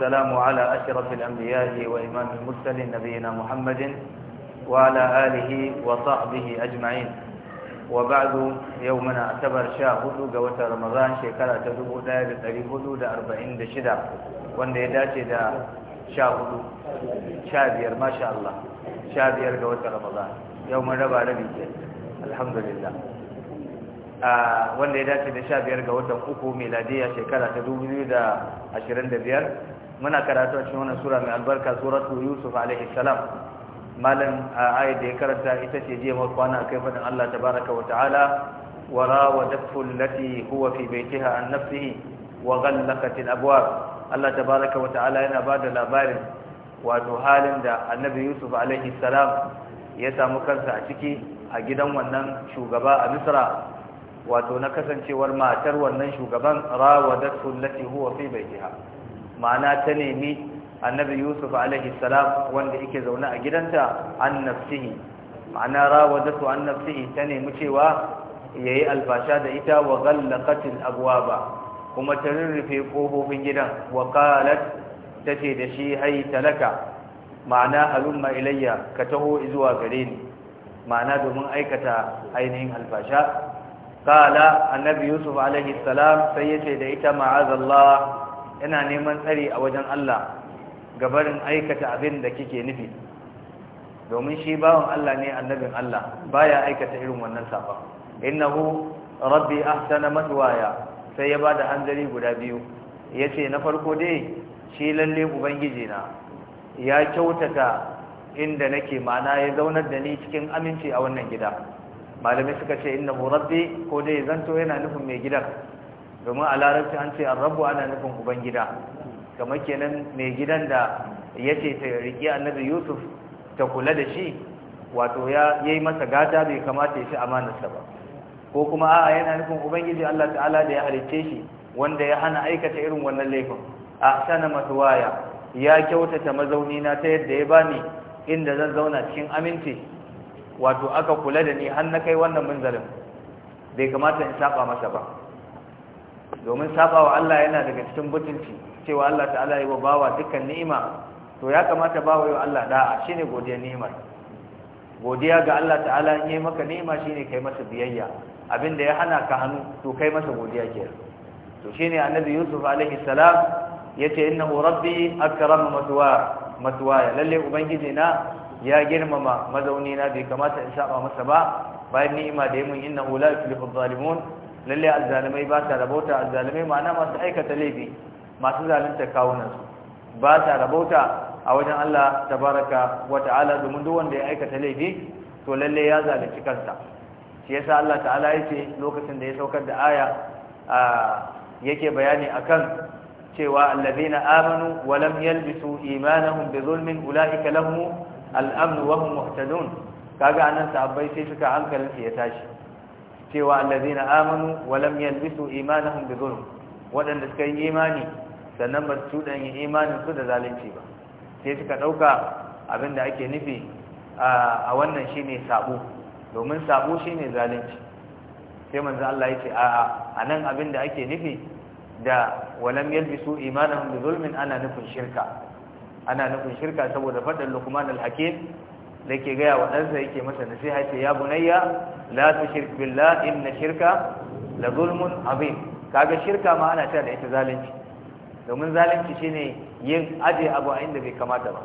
والسلام على أشرف الأنبياء وإمام المرسلين نبينا محمد وعلى آله وصحبه أجمعين وبعد يومنا اعتبر شاهد قوة رمضان شكرا تدبو دائر تريبو دا أربعين دا شدا وان دا داشي دا شاهد شابير ما شاء الله شابير قوة رمضان يوم ربا ربي الحمد لله wanda ya dace da sha biyar ga watan uku miladiya shekara ta dubu biyu da ashirin da biyar muna karatu a cikin wannan sura mai albarka suratu yusuf alaihi salam malam ayat da ya karanta ita ce jiya mu kwana kai fadin Allah tabaraka wa ta'ala wa rawadatu allati huwa fi baytiha an nafsihi wa ghallaqat al-abwab Allah tabaraka wa ta'ala yana bada labarin wato halin da annabi yusuf alaihi salam ya samu kansa a ciki a gidan wannan shugaba a misra wato na kasancewar matar wannan shugaban rawadatu allati huwa fi baytiha ma'ana ta nemi annabi yusuf alaihi salam wanda yake zaune a gidanta an nafsihi ma'ana rawadatu an nafsihi ta nemi cewa yayi albasha da ita wa ghallaqatil abwaba kuma ta rurrufe kofofin gidan wa qalat tace da shi hay talaka ma'ana halumma ilayya ka taho zuwa gare ni ma'ana domin aikata ainihin albasha qala annabi yusuf alaihi salam sai yace da ita ma'azallah yana neman tsari a wajen Allah gabarin aikata abin da kike nufi domin shi bawan Allah ne annabin Allah baya aikata irin wannan safa innahu rabbi ahsana matwaya sai ya bada hanzari guda biyu yace na farko dai shi lalle ubangiji na ya kyautata inda nake ma'ana ya zaunar da ni cikin aminci a wannan gida malamai suka ce innahu rabbi ko dai zanto yana nufin mai gidan domin a larabci an ce rabu ana nufin ubangida kamar kenan mai gidan da ya ce ta riƙi annabi yusuf ta kula da shi wato ya yi masa gata bai kamata ya fi amanarsa ba ko kuma a'a yana nufin ubangiji allah ta'ala da ya halicce shi wanda ya hana aikata irin wannan laifin a sana masu waya ya kyautata mazaunina ta yadda ya bani inda zan zauna cikin aminci wato aka kula da ni har na kai wannan munzalin bai kamata in saba masa ba domin sabawa Allah yana daga cikin butunci cewa Allah ta'ala yi wa bawa dukkan ni'ima to ya kamata bawa yi wa Allah da'a shine godiya ni'imar godiya ga Allah ta'ala in yi maka ni'ima shine kai masa biyayya abinda ya hana ka hannu to kai masa godiya ke to shine annabi Yusuf alaihi salam yace innahu rabbi akrama matwa matwaya lalle ubangiji na ya girmama mazauni na bai kamata in saba masa ba bayan ni'ima da yamin innahu la yuflihu adh-dhalimun lalle azzalimai ba ta rabauta azzalimai ma'ana masu aikata laifi masu zalunta kawunansu ba ta rabauta a wajen Allah tabaraka wata'ala domin duk wanda ya aikata laifi to lalle ya zalunci kansa shi yasa Allah ta'ala yace lokacin da ya saukar da aya yake bayani akan cewa alladhina amanu wa lam yalbisu imanahum bi zulmin ulaika lahum al-amn wa hum muhtadun kaga anan sahabbai sai suka su ya tashi cewa allazina amanu wa lam yalbisu imanahum bi dhulm wadanda suka yi imani sannan ba su yin imanin su da zalunci ba sai suka dauka abinda ake nufi a wannan shine sabo domin sabo shine zalunci sai manzo Allah yace a'a anan abinda ake nufi da walam yalbisu imanahum bi ana nufin shirka ana nufin shirka saboda faɗin lukman al-hakim da ke gaya wa ɗansa yake masa nasiha ce ya bunayya la tushrik billah inna shirka la zulmun kaga shirka ma ana cewa da ita zalunci domin zalunci shine yin aje abu a inda bai kamata ba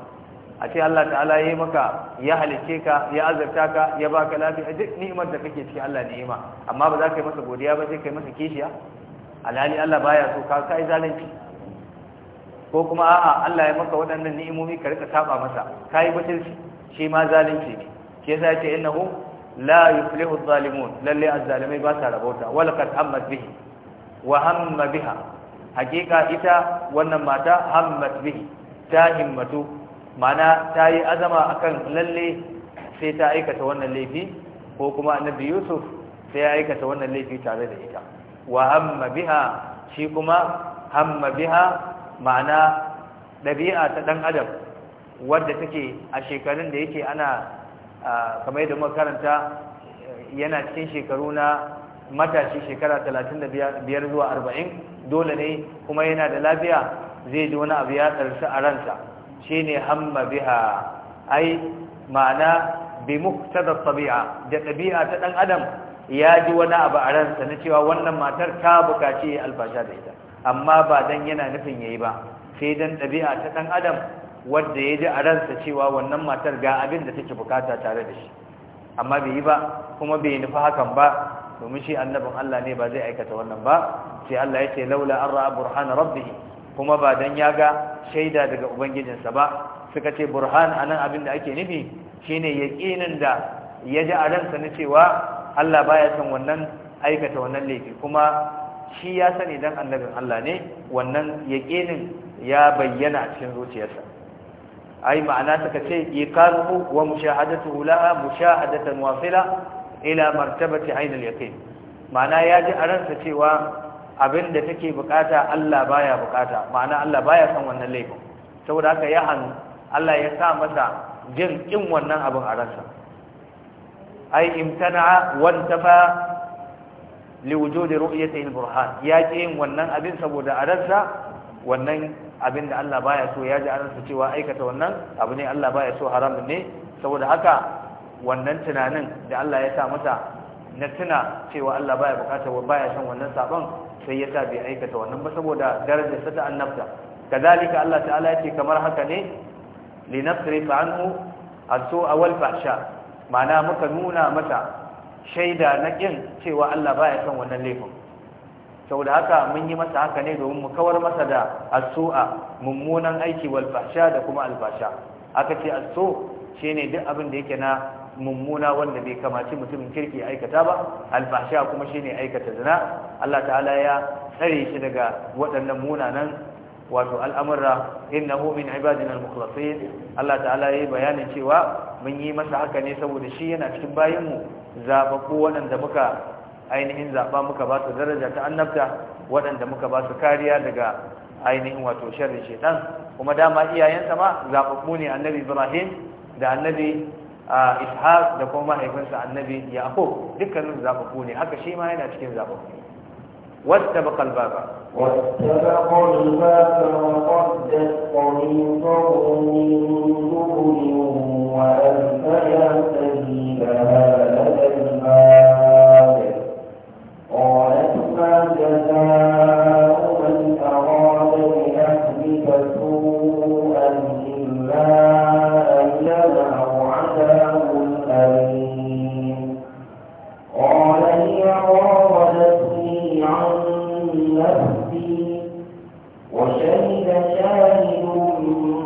a ce Allah ta'ala yayi maka ya halice ka ya azurta ka ya baka lafiya duk ni'imar da kake ciki Allah ni'ima amma ba za ka yi masa godiya ba sai ka yi masa kishiya alhali Allah baya so ka kai zalunci ko kuma a'a Allah ya maka waɗannan ni'imomi ka rika saba masa kai butulci shi ma zalunci ne shi yasa yace innahu la yuflihu adh-dhalimun lalle az-zalimai ba sa rabota wa kad amma bihi wa hamma biha hakika ita wannan mata hammat bihi ta himmatu mana ta yi azama akan lalle sai ta aikata wannan laifi ko kuma annabi Yusuf sai ya aikata wannan laifi tare da ita wa hamma biha shi kuma hamma biha ma'ana ɗabi'a ta ɗan adam wadda take a shekarun da yake ana kamar yadda makaranta yana cikin shekaru na matashi shekara talatin da biyar zuwa arba'in dole ne kuma yana da lafiya zai ji wani abu ya tsarsu a ransa shi ne hamma biha ai ma'ana bi muktada tabi'a da ɗabi'a ta ɗan adam ya ji wani abu a ransa na cewa wannan matar ta bukaci ya da ita amma ba dan yana nufin yayi ba sai dan ɗabi'a ta ɗan adam wanda ya ji a ransa cewa wannan matar ga abin da take bukata tare da shi amma bai yi ba kuma bai nufi hakan ba domin shi annabin Allah ne ba zai aikata wannan ba sai Allah ya ce laula an ra'a burhana kuma ba dan ya ga shaida daga ubangijinsa ba suka ce burhan anan abin da ake nufi shine yaqinin da ya ji a ransa na cewa Allah baya son wannan aikata wannan laifi kuma shi ya sani dan annabin Allah ne wannan yaqinin ya bayyana cikin zuciyarsa ai ma'ana suka ce iqaluhu wa mushahadatuhu laha mushahadatan wasila ila martabati ayn al-yaqin ma'ana yaji a ransa cewa abinda take bukata Allah baya bukata ma'ana Allah baya son wannan laifin saboda haka ya hannu Allah ya sa masa jin kin wannan abin a ransa ai imtana'a wantafa liwujudi ru'yatihi al-burhan ya ji wannan abin saboda a ransa wannan abin da Allah baya so ya ji anansa cewa aikata wannan abu ne Allah baya so haramun ne saboda haka wannan tunanin da Allah ya sa mata na tuna cewa Allah baya bukata wa baya son wannan sabon sai ya sa bai aikata wannan ba saboda darajar sa ta annabta kazalika Allah ta'ala ya ce kamar haka ne linasrifa anhu asu awal fahsha ma'ana muka nuna mata shaida na kin cewa Allah baya son wannan laifin da haka mun yi masa haka ne domin mu kawar masa da a mummunan aiki walfasha da kuma albasha aka ce asu shine duk abin da yake na mummuna wanda bai kamaci mutumin kirki aikata ba al fahsha kuma shine aikata zina Allah ta'ala ya tsare shi daga waɗannan munanan wato al'amura innahu min ibadina al-mukhlasin Allah ta'ala yayi bayanin cewa mun yi masa haka ne saboda shi yana cikin bayinmu zababbu waɗanda muka ainihin zaɓa muka ba su daraja ta annabta waɗanda muka ba su kariya daga ainihin wato sharri shaitan kuma dama iyayensa ma zaɓaɓɓu ne annabi ibrahim da annabi ishaq da kuma mahaifinsa annabi yaqub dukkanin zaɓaɓɓu ne haka shi ma yana cikin zaɓaɓɓu واتبق الباب واتبق الباب وقدت قميصه من دبر وألفيا سبيلها لدى الباب قالت ما جزاء من أراد بأهلك سوءا إلا أن عذاب أليم قال هي راودتني عن نفسي وشهد شاهد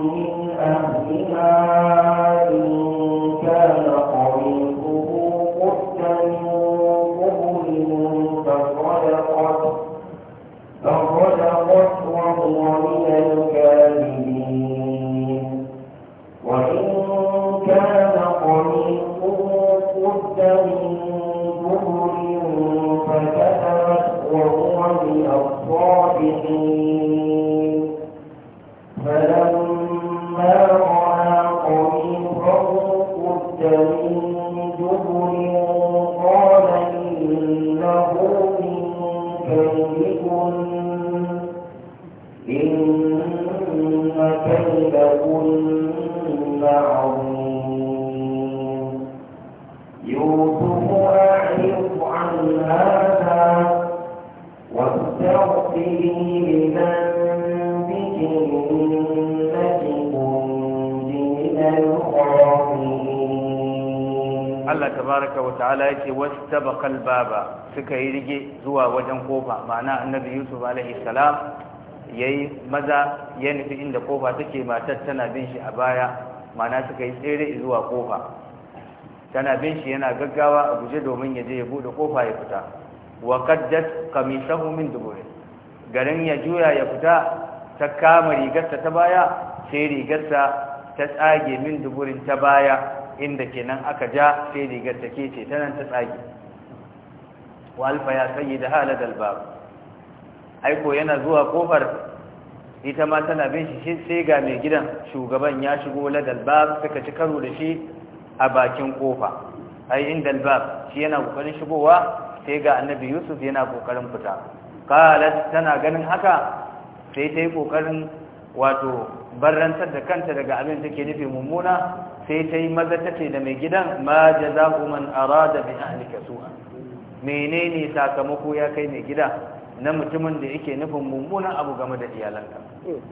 من أهلها tabaraka wa ta'ala yake wastabaqal baba suka yi rige zuwa wajen kofa ma'ana annabi yusuf alaihi salam yayi maza ya nufi inda kofa take matar tana bin shi a baya ma'ana suka yi tsere zuwa kofa tana bin shi yana gaggawa a guje domin ya je ya bude kofa ya fita wa qaddat qamisahu min dubur garin ya juya ya fita ta kama rigarsa ta baya sai rigarsa ta tsage min duburin ta baya inda kenan aka ja sai rigar take ce ta nan ta tsage wa ya sayi da halar dalbab aiko yana zuwa kofar ita ma tana bin shi sai ga mai gidan shugaban ya shigo la dalbab suka ci karo da shi a bakin kofa ai in dalbab shi yana kokarin shigowa sai ga annabi yusuf yana kokarin fita qalat tana ganin haka sai ta yi kokarin wato barrantar da kanta daga abin da take nufi mummuna sai ta yi maza ce da mai gidan ma jazahu man arada bi ahlika su'a menene sakamako ya kai mai gida na mutumin da yake nufin mummunan abu game da iyalanka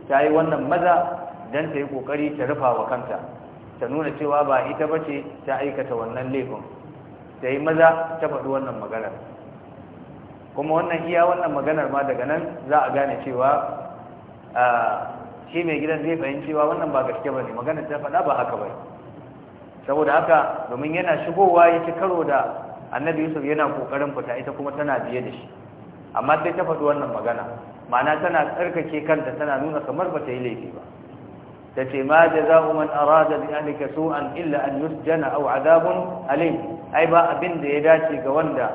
ta yi wannan maza dan ta yi kokari ta rufa wa kanta ta nuna cewa ba ita bace ta aikata wannan laifin ta yi maza ta faɗi wannan maganar kuma wannan iya wannan maganar ma daga nan za a gane cewa ah, shi mai gidan zai fahimci wa wannan ba gaske ba ne magana ta faɗa ba haka bane saboda haka domin yana shigowa ya ci karo da annabi Yusuf yana kokarin fita ita kuma tana biye da shi amma sai ta faɗi wannan magana ma'ana tana tsarkake kanta tana nuna kamar ba ta yi laifi ba ta ce ma a man arada bi ahlika an illa an jana au adabun alim ai ba abin da ya dace ga wanda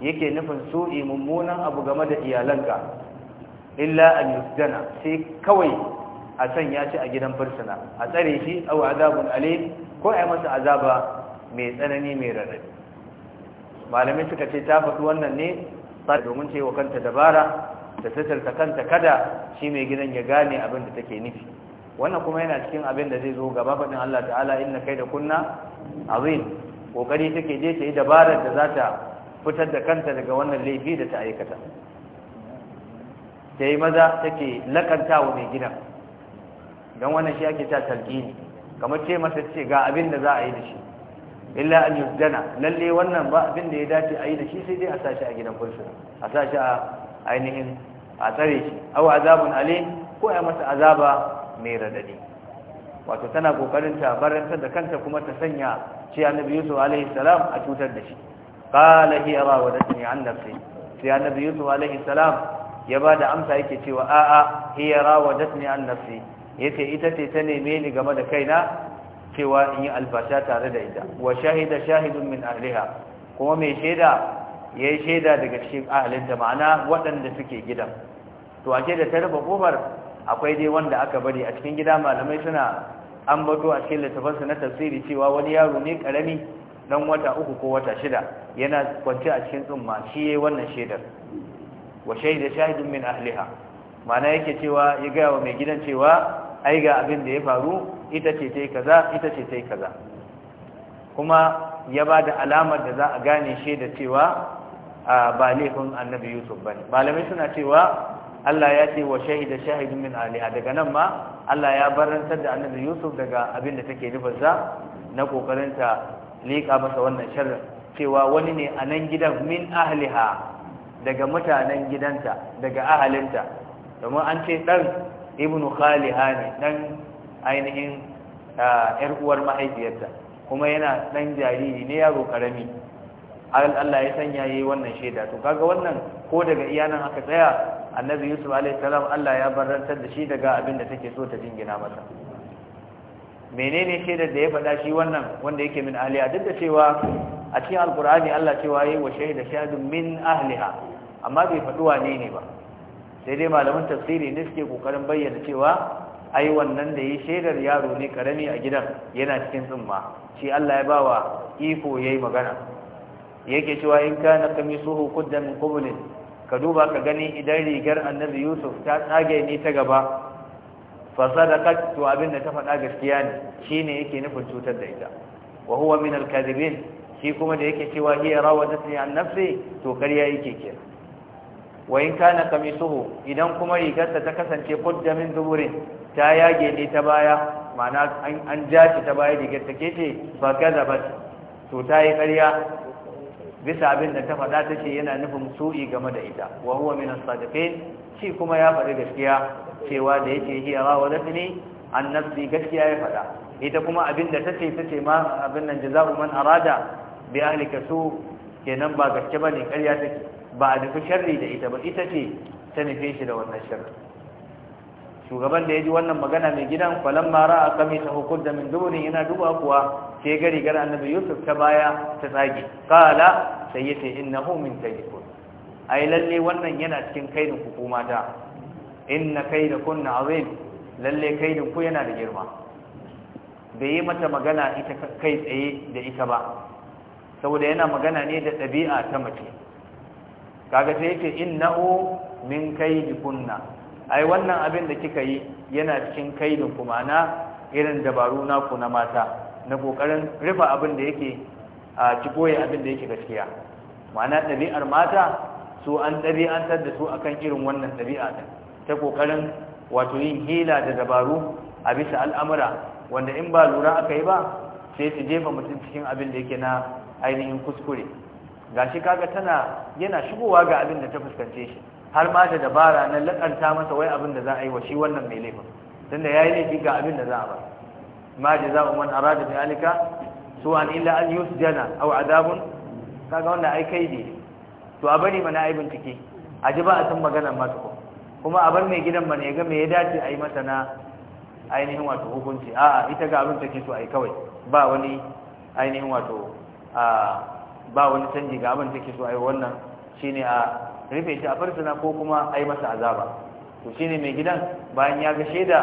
yake nufin su'i mummunan abu game da iyalanka illa an jana sai kawai a ya shi a gidan fursuna a tsare shi au azabun ale ko ai masa azaba mai tsanani mai raɗaɗi malamai suka ce ta faɗi wannan ne domin ce wa kanta dabara da tattalta kanta kada shi mai gidan ya gane abin da take nufi wannan kuma yana cikin abin da zai zo gaba faɗin Allah ta'ala inna kai da kunna azim kokari take je ta yi dabarar da za ta fitar da kanta daga wannan laifi da ta aikata ta yi maza take lakanta mai gidan don wannan shi ake ta ne. kamar ce masa ce ga abin da za a yi da shi illa an yusdana lalle wannan ba abin da ya dace a yi da shi sai dai a shi a gidan kunsu. a shi a ainihin a tsare shi aw azabun Ali, ko ya masa azaba mai radadi wato tana kokarin ta barantar da kanta kuma ta sanya ce annabi yusuf alaihi salam a cutar da shi qala hiya rawadatni an nafsi sai annabi yusuf alaihi salam ya bada amsa yake cewa a'a hiya rawadatni an nafsi yace ita ce ta neme ni game da kaina cewa in yi albasha tare da ita wa shahida shahidun min ahliha kuma mai shaida yayi shaida daga cikin ahlinta ma'ana waɗanda suke gidan to a da ta rufe kofar akwai dai wanda aka bari a cikin gida malamai suna an bato a cikin littafansu na tafsiri cewa wani yaro ne karami dan wata uku ko wata shida yana kwance a cikin tsumma shi yayi wannan shaidar wa shaida shahidun min ahliha ma'ana yake cewa ya ga wa mai gidan cewa ai ga abin da ya faru ita ce ta yi kaza ita ce ta yi kaza kuma ya ba da alamar da za a gane shi da cewa ba laifin annabi yusuf ba ne malamai suna cewa Allah ya ce wa da shahidun min Aliya. daga nan ma Allah ya barantar da annabi yusuf daga abin da take nufarsa na kokarin ta leƙa masa wannan sharrin cewa wani ne a nan gidan min ahliha daga mutanen gidanta daga ahalinta domin an ce ɗan ibnu khaliha ne dan ainihin yar uwar mahaifiyarta kuma yana ɗan jariri ne yaro karami Allah ya sanya yi wannan shaida. to kaga wannan ko daga iyanan aka tsaya annabi yusuf alaihi salam Allah ya barantar da shi daga abin da take so ta jingina masa menene shaidar da ya faɗa shi wannan wanda yake min ahliya duk da cewa a cikin alkur'ani Allah cewa yi wa shaida shahidun min ahliha amma bai faɗuwa ne ne ba sai dai malaman tafsiri ne suke kokarin bayyana cewa ai wannan da yi shaidar yaro ne karami a gidan yana cikin tsumma shi Allah ya bawa iko yayi magana yake cewa in kana kamisuhu qudda min qubul ka duba ka gani idan rigar annabi Yusuf ta tsage ni ta gaba fa sadaqat to abin da ta faɗa gaskiya ne shine yake nufin cutar da ita wa huwa min al-kadhibin shi kuma da yake cewa hiya rawadatni an nafsi to kariya yake kenan wa in kana kamisuhu idan kuma rigarsa ta kasance qudda min zuburin ta yage ne ta baya ma'ana an ja shi ta baya rigar ta kece ba ba to ta yi ƙarya bisa abin da ta faɗa ta ce yana nufin su'i game da ita wa huwa min as shi kuma ya faɗi gaskiya cewa da yake hiya rawadatni an nafsi gaskiya ya faɗa ita kuma abin da ta ce ta ce ma abin nan jaza'u man arada bi ahlika su kenan ba gaske bane ƙarya take ba a nufi sharri da ita ba ita ce ta nufe shi da wannan shirin. shugaban da ya ji wannan magana mai gidan kwalon mara a kami ta hukur da min yana duba kuwa ke gari gara annabi yusuf ta baya ta tsage kala sai yace innahu min A ai lalle wannan yana cikin kaidin ku kuma ta inna a azim lalle kaidin ku yana da girma bai yi mata magana ita kai tsaye da ita ba saboda yana magana ne da ɗabi'a ta mace kaga sai yake innahu min kaidikunna ai wannan abin da kika yi yana cikin kaidin kuma na irin dabaru na ku na mata na kokarin rufe abin da yake a cikoye abin da yake gaskiya ma'ana ɗabi'ar mata su an ɗabi'antar da su akan irin wannan din ta kokarin wato yin hila da dabaru a bisa al'amura wanda in ba lura aka yi ba sai su jefa mutum cikin abin da yake na ainihin kuskure gashi kaga tana yana shigowa ga abin da ta fuskance shi har ma da dabara na lakanta masa wai abin da za a yi wa shi wannan mai laifin tunda yayi laifi ga abin da za a ba ma jaza'u man arada da alika an illa an yusjana a adabun kaga wannan ai kai ne to a bari mana ai bincike a ji ba a san maganar mata ko kuma a bar mai gidan mana ya ga me ya dace a yi masa na ainihin wato hukunci a'a ita ga abin take so a yi kawai ba wani ainihin wato a ba wani canji ga abin take so ai wannan shine a rufe shi a farsuna ko kuma ai masa azaba to shine mai gidan bayan ya ga sheda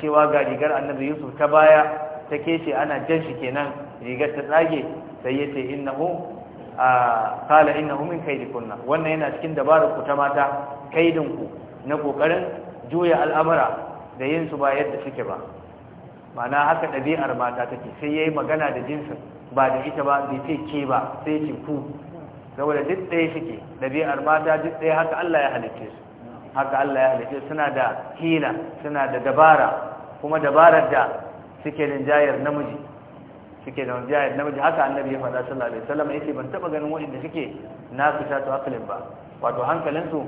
cewa ga rigar annabi yusuf ta baya ta keshe ana jan shi kenan rigar ta tsage sai ya ce innahu a kala innahu min kaidikunna wannan yana cikin dabarar ku ta mata kaidin ku na kokarin juya al'amara da yin su ba yadda suke ba ma'ana haka ɗabi'ar mata take sai yayi magana da jinsin ba da ita ba bai ce ke ba sai ce ku saboda duk ɗaya suke ɗabi'ar mata duk ɗaya haka Allah ya halitta su haka Allah ya halitta suna da hila suna da dabara kuma dabarar da suke rinjayar namiji suke da rinjayar namiji haka annabi ya faɗa sallallahu alaihi wasallam yake ban taba ganin waɗanda suke na fita ta akalin ba wato hankalinsu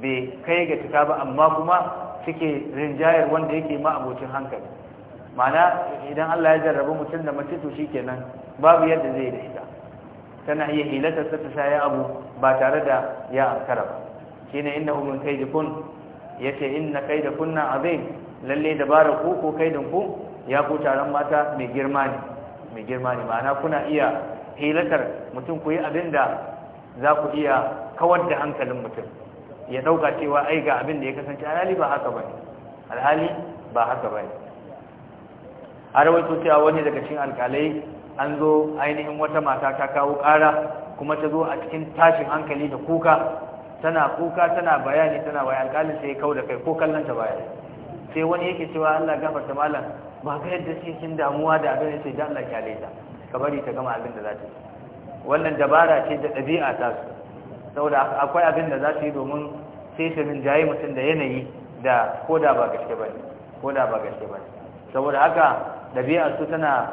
bai kai ga cika ba amma kuma suke rinjayar wanda yake ma abocin hankali ma'ana idan Allah ya jarrabu mutum da mace to shikenan babu yadda zai da ita tana iya hilata ta shaye abu ba tare da ya ankara ba shine innahu min kaidikun yace inna kaidakunna azim lalle dabarar ku ko kai ku ya ku taron mata mai girma ne mai girma ne ma'ana kuna iya hilatar mutum ku yi abinda za ku iya kawar da hankalin mutum ya ɗauka cewa ai ga abin da ya kasance al'ali ba haka bane alhali ba haka bane a rawaito cewa wani daga cikin alkalai an zo ainihin wata mata ta kawo ƙara kuma ta zo a cikin tashin hankali da kuka tana kuka tana bayani tana waya alƙalin sai ya kau da kai ko kallon ta bayani sai wani yake cewa Allah gafarta malam ba ga yadda sai kin damuwa da abin sai da Allah kyale ta ka bari ta gama abin da za ta wannan dabara ce da ɗabi'a ta su saboda akwai abin da za su yi domin sai su jayi mutum da yanayi da koda ba gaske bane koda ba gaske bane saboda haka ɗabi'a su tana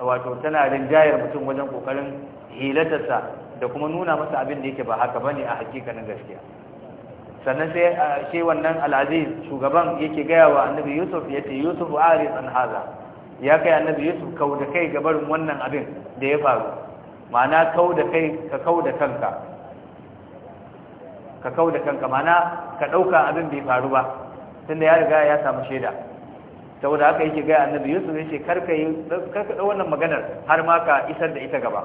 wato tana rinjayar mutum wajen kokarin hilatarsa da kuma nuna masa abin da yake ba haka bane a hakikanin gaskiya sannan sai shi wannan al'aziz shugaban yake gaya wa annabi yusuf ya ce yusuf aris an haza ya kai annabi yusuf kau da kai gabarin wannan abin da ya faru ma'ana kau da kai ka kau da kanka ka kau da kanka ma'ana ka ɗauka abin bai faru ba tunda ya riga ya samu shaida saboda haka yake gaya annabi yusuf yace karka yi karka da wannan maganar har ma ka isar da ita gaba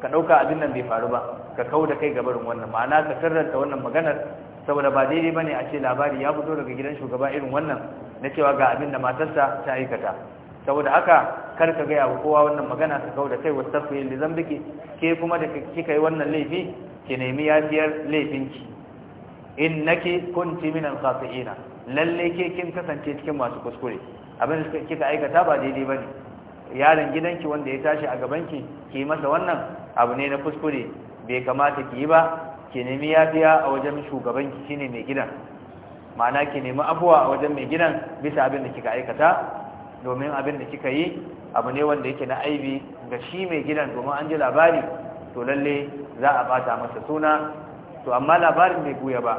ka dauka abin nan bai faru ba ka kau da kai gabarin wannan ma'ana ka sirranta wannan maganar saboda ba daidai bane a ce labari ya fito daga gidan shugaba irin wannan na cewa ga abin da matarsa ta aikata saboda haka karka gaya wa kowa wannan magana ka kau da kai wastaghfir li dhanbiki ke kuma da kika yi wannan laifi ki nemi yafiyar laifinki naki kunti minan kafi'ina lalle ke kin kasance cikin masu kuskure abin da kika aikata ba daidai ba ne, yaron gidanki wanda ya tashi a gabanki ki masa wannan abu ne na kuskure bai kamata ki yi ba ki nemi yafiya a wajen shugabanki shine mai gidan ma'ana ki nemi afuwa a wajen mai gidan bisa abin da kika aikata domin abin da kika yi abu ne wanda yake na aibi ga shi mai gidan domin an ji labari to lalle za a bata masa suna to amma labarin bai buya ba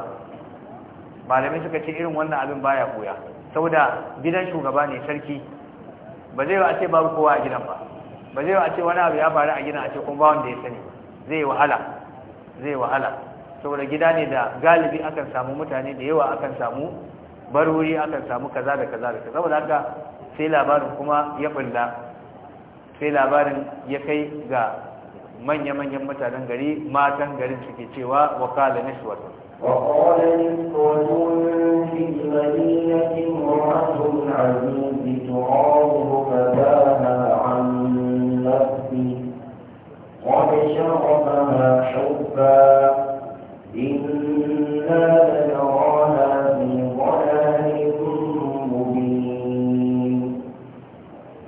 malamai suka ce irin wannan abin baya buya saboda gidan shugaba ne sarki ba zai wa ce babu kowa a gidan ba ba zai wa ce wani abu ya faru a gidan a ce kuma ba wanda ya sani zai yi wahala zai wahala saboda gida ne da galibi akan samu mutane da yawa akan samu baruri akan samu kaza da kaza da kaza saboda haka sai labarin kuma ya bulla sai labarin ya kai ga manya-manyan mutanen gari matan garin suke cewa wakala nashwatu وقال نسوة في المدينة امرأة العزيز تراود فتاها عن نفسي قد شغفها حبا إنا لنراها في ضلال مبين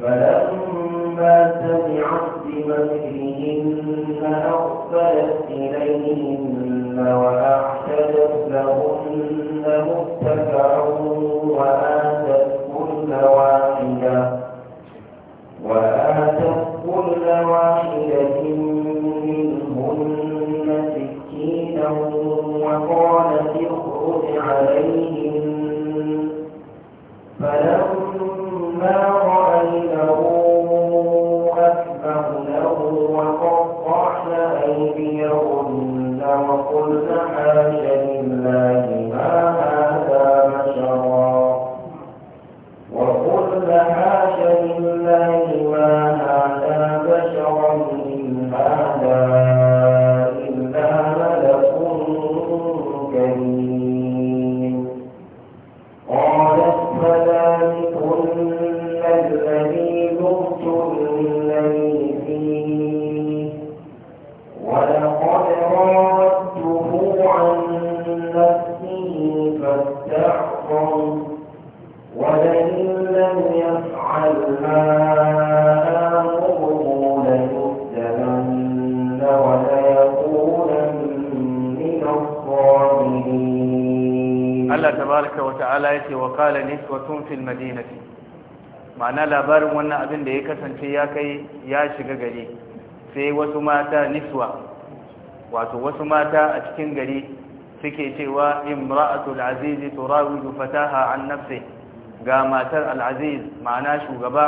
فلما سمعت بمكرهن أقبلت إليهن وأعتدت لهن متكعا وآتت كل واحد والسحاب abin da ya kasance ya kai ya shiga gari sai wasu mata niswa wato wasu mata a cikin gari suke cewa imra'atul aziz turawidu fataha an nafsi ga matar al-aziz ma'ana shugaba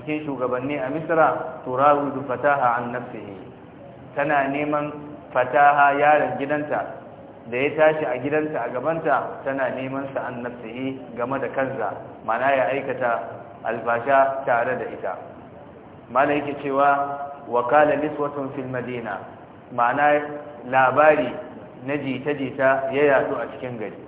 cikin shugabanni a misra turawidu fataha an nafsihi tana neman fataha yaron gidanta da ya tashi a gidanta a gabanta tana neman sa an nafsihi game da kansa ma'ana ya aikata Albasha tare da ita mana yake cewa wakala niswatun fil madina ma'ana labari na jita-jita ya yadu a cikin gari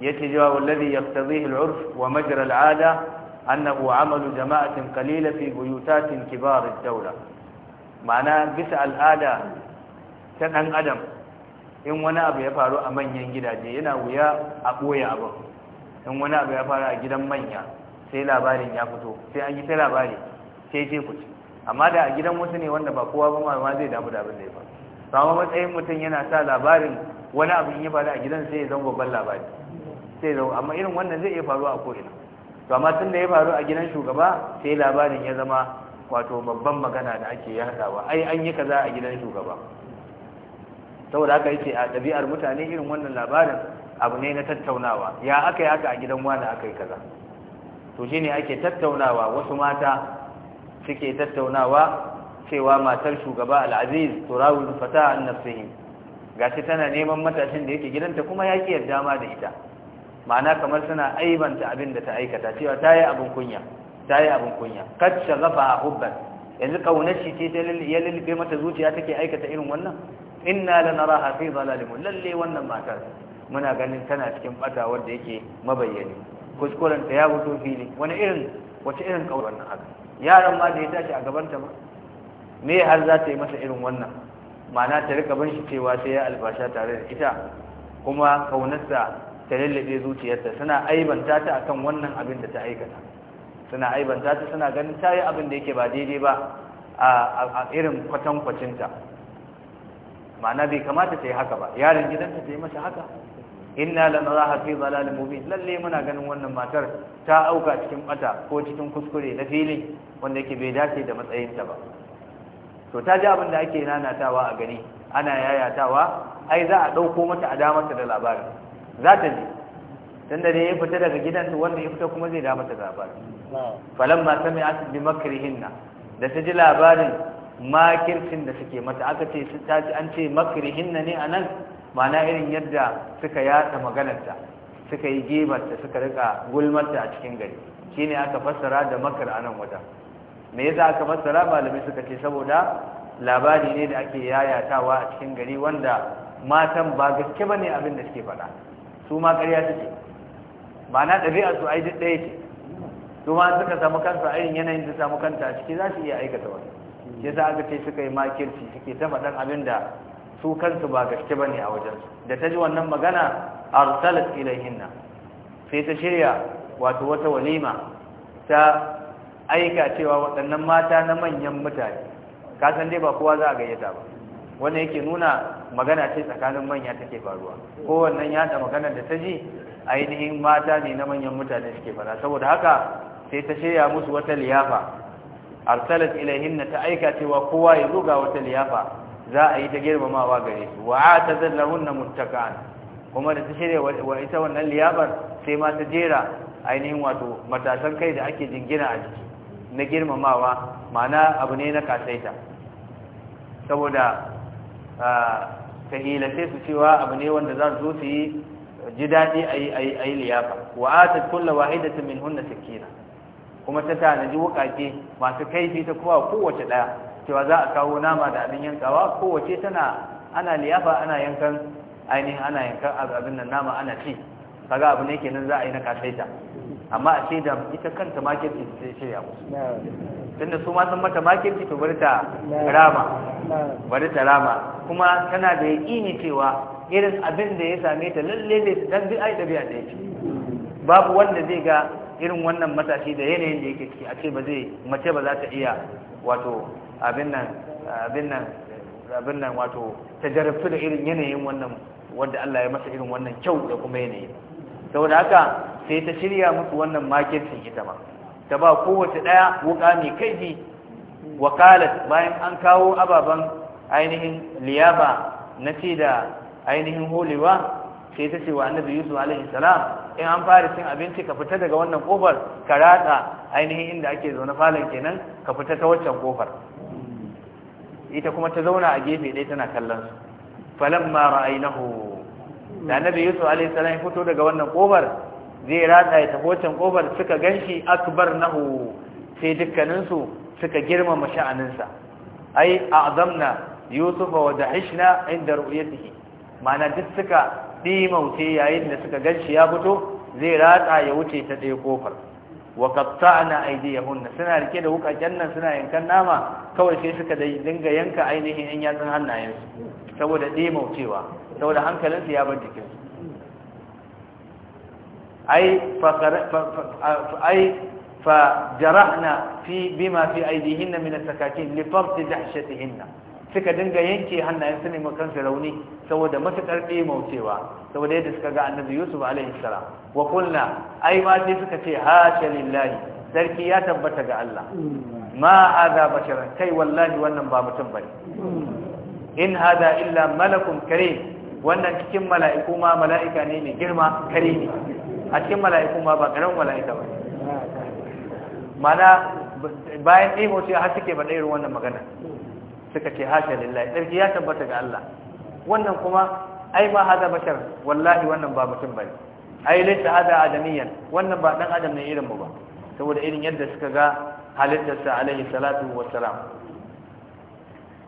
yake cewa wallazi yaqtadhihi al wa majra al-'ada annahu 'amalu jama'atin qalila fi buyutatin kibar ad-dawla ma'ana bisa al'ada ta dan adam in wani abu ya faru a manyan gidaje yana wuya a ɓoye abin in wani abu ya faru a gidan manya sai labarin ya fito sai an yi ta labari sai ce ku ci amma da a gidan wasu ne wanda ba kowa ba ma zai damu da abin da ya faru to amma matsayin mutum yana sa labarin wani abin ya faru a gidan sai ya zama babban labari sai zama amma irin wannan zai iya faruwa a ko'ina to amma tun da ya faru a gidan shugaba sai labarin ya zama wato babban magana da ake yadawa ai an yi kaza a gidan shugaba saboda haka yace a ɗabi'ar mutane irin wannan labarin abu ne na tattaunawa ya aka yi aka a gidan wani aka yi kaza to shine ake tattaunawa wasu mata suke tattaunawa cewa matar shugaba al'aziz aziz turawil fata an gashi tana neman matashin da yake gidanta kuma ya ki yarda da ita ma'ana kamar suna aibanta abin da ta aikata cewa ta yi abin kunya ta yi abin kunya kad shagafa hubban yanzu kaunar shi ce ya lullufe mata zuciya take aikata irin wannan inna lanaraha fi zalalimun lalle wannan matar muna ganin tana cikin ɓata wanda yake mabayyani kuskuren ta ya fito fili wani irin wace irin kawai wannan haka yaran ma da ya tashi a gabanta ba me har za ta yi masa irin wannan ma'ana ta rika bin shi cewa sai ya albasha tare da ita kuma kaunarsa ta lallabe zuciyarta suna aibanta ta akan wannan abin da ta aikata suna aibanta ta suna ganin ta yi abin da yake ba daidai ba a irin kwatankwacinta ma'ana bai kamata ta yi haka ba yaron gidanta ta yi masa haka inna lanaraha fi dalalin mubin lalle muna ganin wannan matar ta auka cikin bata ko cikin kuskure na filin wanda yake bai dace da matsayinta ba to ta ji abin da ake nanatawa a gari ana yayatawa ai za a dauko mata a damarta da labarin za ta ji tunda da ya fita daga gidanta wanda ya fita kuma zai da mata labarin sami sami'at bi makrihinna da ta ji labarin makircin da suke mata aka ce ta an ce makrihinna ne anan ma'ana irin yadda suka yada maganarta suka yi gebarta suka rika gulmarta a cikin gari shi ne aka fassara da makar a nan me yasa aka fassara malami suka ce saboda labari ne da ake yayatawa a cikin gari wanda matan ba gaske bane abin da suke faɗa su ma ƙarya suke ma'ana ɗabi'a su ai duk ɗaya ce su ma suka samu kansu a irin yanayin da samu kanta a ciki za su iya aikata wani yasa aka ce suka yi makirci suke ta faɗan abin da su kansu ba gaske bane a wajensu da ta ji wannan magana arsalat ilaihinna sai ta shirya wato wata walima ta aika cewa waɗannan mata na manyan mutane ka dai ba kowa za a gayyata ba wanda yake nuna magana ce tsakanin manya take faruwa ko ya yada magana da ta ji ainihin mata ne na manyan mutane suke fara saboda haka sai ta shirya musu wata liyafa arsalat ilaihinna ta aika cewa kowa ya zo wata liyafa za a yi ta girmamawa gare su wa ta hunna muttaqan kuma da ta shirya wa ita wannan liyabar sai ma ta jera ainihin wato matasan kai da ake jingina a jiki na girmamawa ma'ana abu ne na kasaita saboda ta hilace su cewa abu ne wanda za su su yi ji daɗi a yi liyafa wa ta kulla ta min hunna sakina kuma ta tanaji wukake masu kaifi ta kuma kowace ɗaya cewa za a kawo nama da abin yankawa kowace tana ana liyafa ana yankan ainihin ana yankan abin nan nama ana ci kaga abu ne kenan za a yi na kasaita amma a ce da ita kanta makirci ta ya musu tunda su ma sun mata makirci to bari ta rama bari ta rama kuma tana da kini cewa irin abin da ya same ta lalle ne dan duk ai dabi'a da yake babu wanda zai ga irin wannan matashi da yanayin da yake ciki a ce ba zai mace ba za ta iya wato abin nan abin nan abin da irin yanayin wannan wanda Allah ya masa irin wannan kyau da kuma yanayi saboda haka sai ta shirya musu wannan marketing ita ma ta ba kowace ɗaya wuka mai kaifi wakalat bayan an kawo ababen ainihin liyaba na ce da ainihin holewa sai ta ce wa annabi yusuf alaihi salam in an fara cin abinci ka fita daga wannan kofar ka ratsa ainihin inda ake zaune falon kenan ka fita ta waccan kofar ita kuma ta zauna a gefe ɗaya tana kallon su falamma ra'aynahu da annabi yusuf alayhi salam ya fito daga wannan kofar zai ratsa ya tafi kofar suka ganshi nahu, sai dukkanin su suka girmama sha'anin sa ai a'zamna yusufa wa dahishna inda ru'yatihi mana duk suka dimauce yayin da suka ganshi ya fito zai ratsa ya wuce ta ɗaya kofar wa qatta'na aydiyahunna suna rike da wukaken nan suna yankan nama kawai sai suka dinga yanka ainihin yan yatsun hannayensu saboda ɗemaucewa saboda hankalinsu ya bar jikinsu ai ai fa jarahna fi bima fi aydihinna min as-sakakin li farti dahshatihinna suka dinga yanke hannayen su neman kansu rauni saboda matuƙar ɗimautewa, saboda yadda suka ga annabi yusuf alaihi salam wa kulna ai ma sai suka ce hasha lillahi sarki ya tabbata ga Allah ma hadha basharan kai wallahi wannan ba mutum bane in hada illa malakun karim wannan cikin mala'iku ma mala'ika ne mai girma kare ne a cikin mala'iku ma ba karamin mala'ika ba mana bayan ɗemaucewa har suke ba ɗaya wannan magana suka ce hasha lillahi tsarki ya tabbata ga Allah wannan kuma ai ma hada bashar wallahi wannan ba mutum bane ai laysa hada adamiyan wannan ba dan adam ne irin mu ba saboda irin yadda suka ga halittarsa alaihi salatu wassalam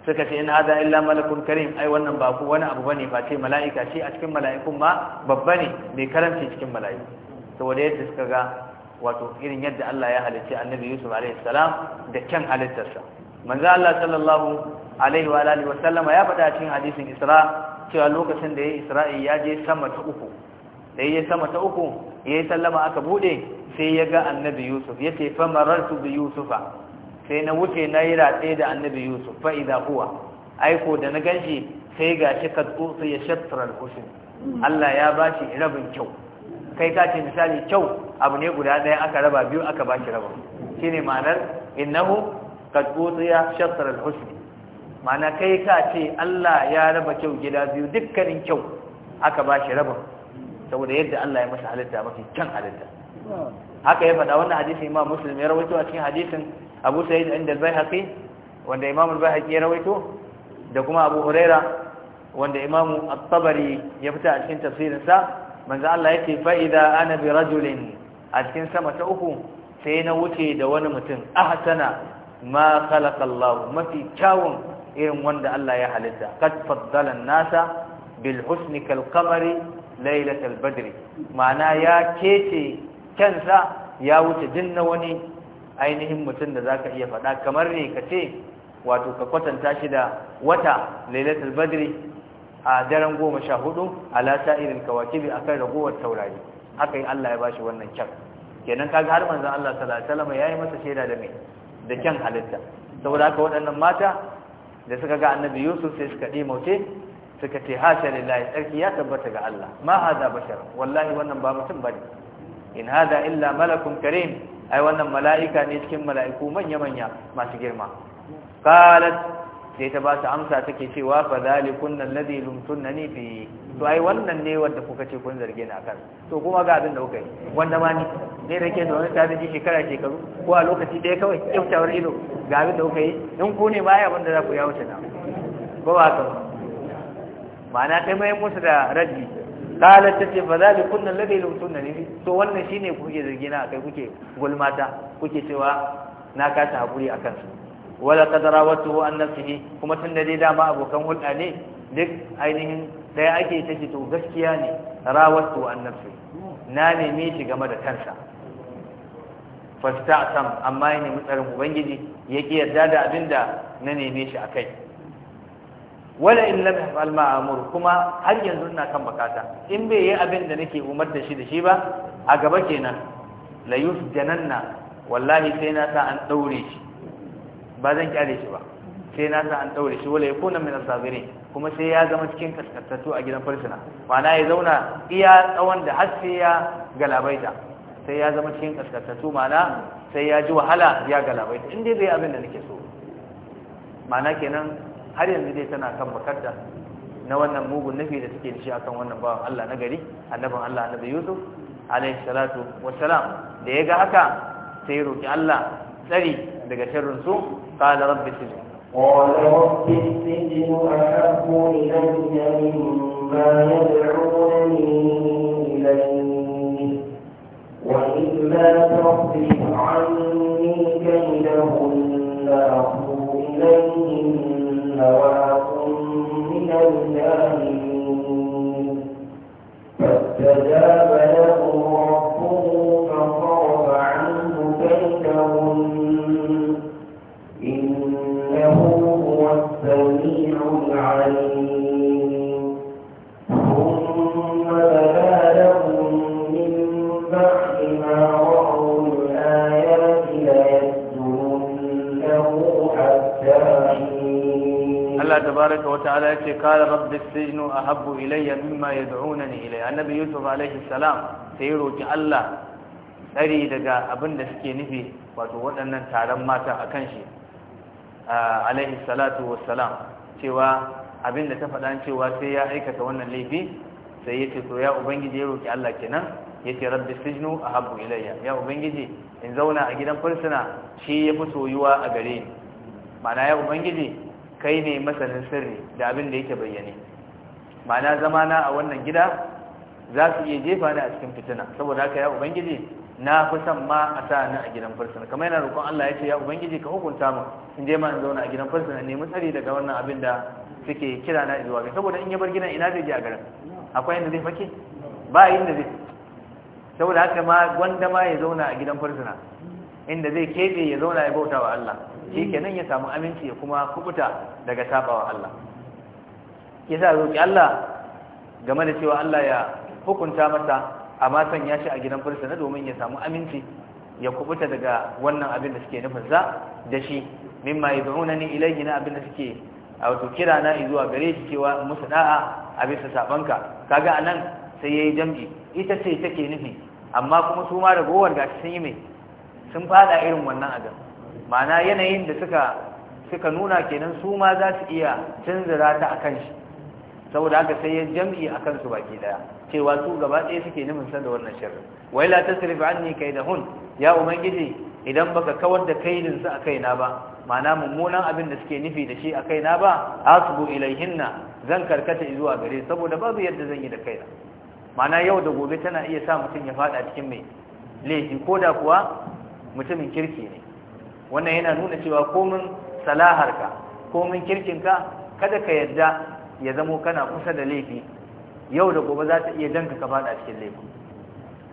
suka ce in hada illa malakun karim ai wannan ba ku wani abu bane ba ce mala'ika ce a cikin mala'ikun ma babba ne mai karamci cikin mala'iku saboda yadda suka ga wato irin yadda Allah ya halicci annabi Yusuf alaihi salam da kyan halittarsa manzo Allah sallallahu alaihi wa alihi wa sallama ya faɗa cikin hadisin Isra cewa lokacin da ya Isra'i ya je sama ta uku da ya sama ta uku ya sallama aka bude sai ya ga annabi Yusuf yace fa marartu bi Yusufa sai na wuce na yi ratse da annabi Yusuf fa idza huwa aiko da na ganshi sai shi ka qutsi ya shattara al-husn Allah ya bashi rabin kyau kai ka ce misali kyau abu ne guda ɗaya aka raba biyu aka bashi rabin shine ma'anar innahu kad ya shassar al-husn ma'ana kai ka ce Allah ya raba kyau gida biyu duk dukkanin kyau aka bashi raba. saboda yadda Allah ya masa halitta mafi kyan halitta haka ya faɗa wannan hadisin Imam Muslim ya rawaito a cikin hadisin Abu Sa'id inda al-Baihaqi wanda Imam al-Baihaqi ya rawaito da kuma Abu Huraira wanda Imam at ya fita a cikin tafsirin sa manzo Allah ya ce fa'ida ana bi rajulin a cikin sama ta uku sai na wuce da wani mutum ahsana ma khalaqallahu mafi kyawun irin wanda Allah ya halitta kad faddala nasa bil husni kal qamari lailatul badri ma'ana ya kece kansa ya wuce dinna wani ainihin mutum da zaka iya faɗa kamar ne kace wato ka kwatanta shi da wata lailatul badri a daren goma sha hudu ala sa'irin kawakibi akan ragowar taurari haka yi Allah ya bashi wannan kyan kenan kaga har manzon Allah sallallahu alaihi wasallam yayi masa shaida da mai. da kyan halitta saboda haka waɗannan mata da suka ga annabi yusuf sai suka ɗimauce suka ce hasha lillahi tsarki ya tabbata ga Allah ma hada bashar wallahi wannan ba mutum bane in hada illa malakun karim ai wannan mala'ika ne cikin mala'iku manya manya masu girma qalat sai ta ba ta amsa take cewa fa zalikun alladhi lumtunani fi to ai wannan ne wanda kuka ce kun zarge na kan to kuma ga abin da kuka yi wanda ma ni ne rake da wani tare ji shekara shekaru ko a lokaci ɗaya kawai kyautawar ido ga abin da kuka yi in ku ne baya wanda za ku ya wuce na ba ba ka ma'ana ta mai musu da raddi qalat ta ce fa zalikun alladhi lumtunani to wannan shine kuke zarge na kai kuke gulmata kuke cewa na kasa hakuri akan su wala kadara wato an ne, kuma tun da dai dama abokan hulɗa ne duk ainihin ɗaya ake ta to gaskiya ne rawatu an nafsi na neme shi game da kansa fasta'sam amma ya nemi tsarin ubangiji ya ƙi yarda da abin da na neme shi kai. wala in lam yaf'al ma amur kuma har yanzu ina kan bukata in bai yi abin da nake umar da shi da shi ba a gaba kenan la yusjananna wallahi sai na sa an daure shi ba zan kyale shi ba sai na sa an daure shi wala yakuna min as-sabirin kuma sai ya zama cikin kaskantattu a gidan fursuna ma'ana ya zauna iya tsawon da har sai ya galabaita sai ya zama cikin kaskantattu ma'ana sai ya ji wahala ya galabaita in dai zai abin da nake so ma'ana kenan har yanzu dai tana kan bakarta na wannan mugun nafi da suke da shi akan wannan bawan Allah na gari annabin Allah annabi Yusuf alayhi salatu wassalam da ya ga haka sai roki Allah tsari daga shirin su qala rabbi sijni qala rabbi sijni ahabbu ilayya mimma yad'unani ilayhi wa illa tasrif فاستجاب له tabaraka wa ta'ala yace qala rabbi sijnu ahabbu ilayya mimma yad'unani ilay annabi yusuf alaihi salam sai ya roki Allah tsari daga abin da suke nufi wato waɗannan taron mata akan shi alaihi salatu wassalam cewa abin da ta faɗa cewa sai ya aikata wannan laifi sai yace to ya ubangiji ya roki Allah kenan yace rabbi sijnu ahabbu ilayya ya ubangiji in zauna a gidan fursuna shi ya fi soyuwa a gare ni ma'ana ya ubangiji kai ne masanin sirri da abin da yake bayyane ma'ana na a wannan gida za su iya jefa ni a cikin fitina saboda haka ya ubangiji na fi son ma a sa ni a gidan fursuna kamar yana roƙon Allah ya ce ya ubangiji ka hukunta mu in je ma in zauna a gidan fursuna nemi tsari daga wannan abin da suke kira na zuwa ga saboda in ya bar gidan ina zai je a garin akwai inda zai fake ba inda zai saboda haka ma gwanda ma ya zauna a gidan fursuna inda zai keɓe ya zauna ya bauta wa Allah shi kenan ya samu aminci ya kuma kubuta daga sabawa Allah yasa roki Allah game da cewa Allah ya hukunta masa amma sanya shi a gidan na domin ya samu aminci ya kubuta daga wannan abin da suke nufin za da shi mimma yad'unani ilayhi na abin da suke a wato kira na zuwa gare shi cewa musu da'a a bisa sabanka kaga anan sai yayi jam'i ita ce take nufi amma kuma su ma ragowar ga sun yi mai sun fada irin wannan abin ma'ana yanayin da suka suka nuna kenan su ma za su iya tunzura ta a kan shi saboda haka sai ya jam'i a kansu baki daya cewa su gaba ɗaya suke nufin sanda wannan shirin wai la tasrif anni hun ya ubangiji idan baka kawar da kaidin su a na ba ma'ana mummunan abin da suke nufi da shi akai na ba asbu ilaihinna zan karkata zuwa gare saboda babu yadda zan yi da kaina ma'ana yau da gobe tana iya sa mutum ya fada cikin mai laifi ko da kuwa mutumin kirki ne wannan yana nuna cewa komin salaharka komin kirkinka kada ka yadda ya zamo kana kusa da laifi yau da gobe za ta iya danka ka fada cikin laifi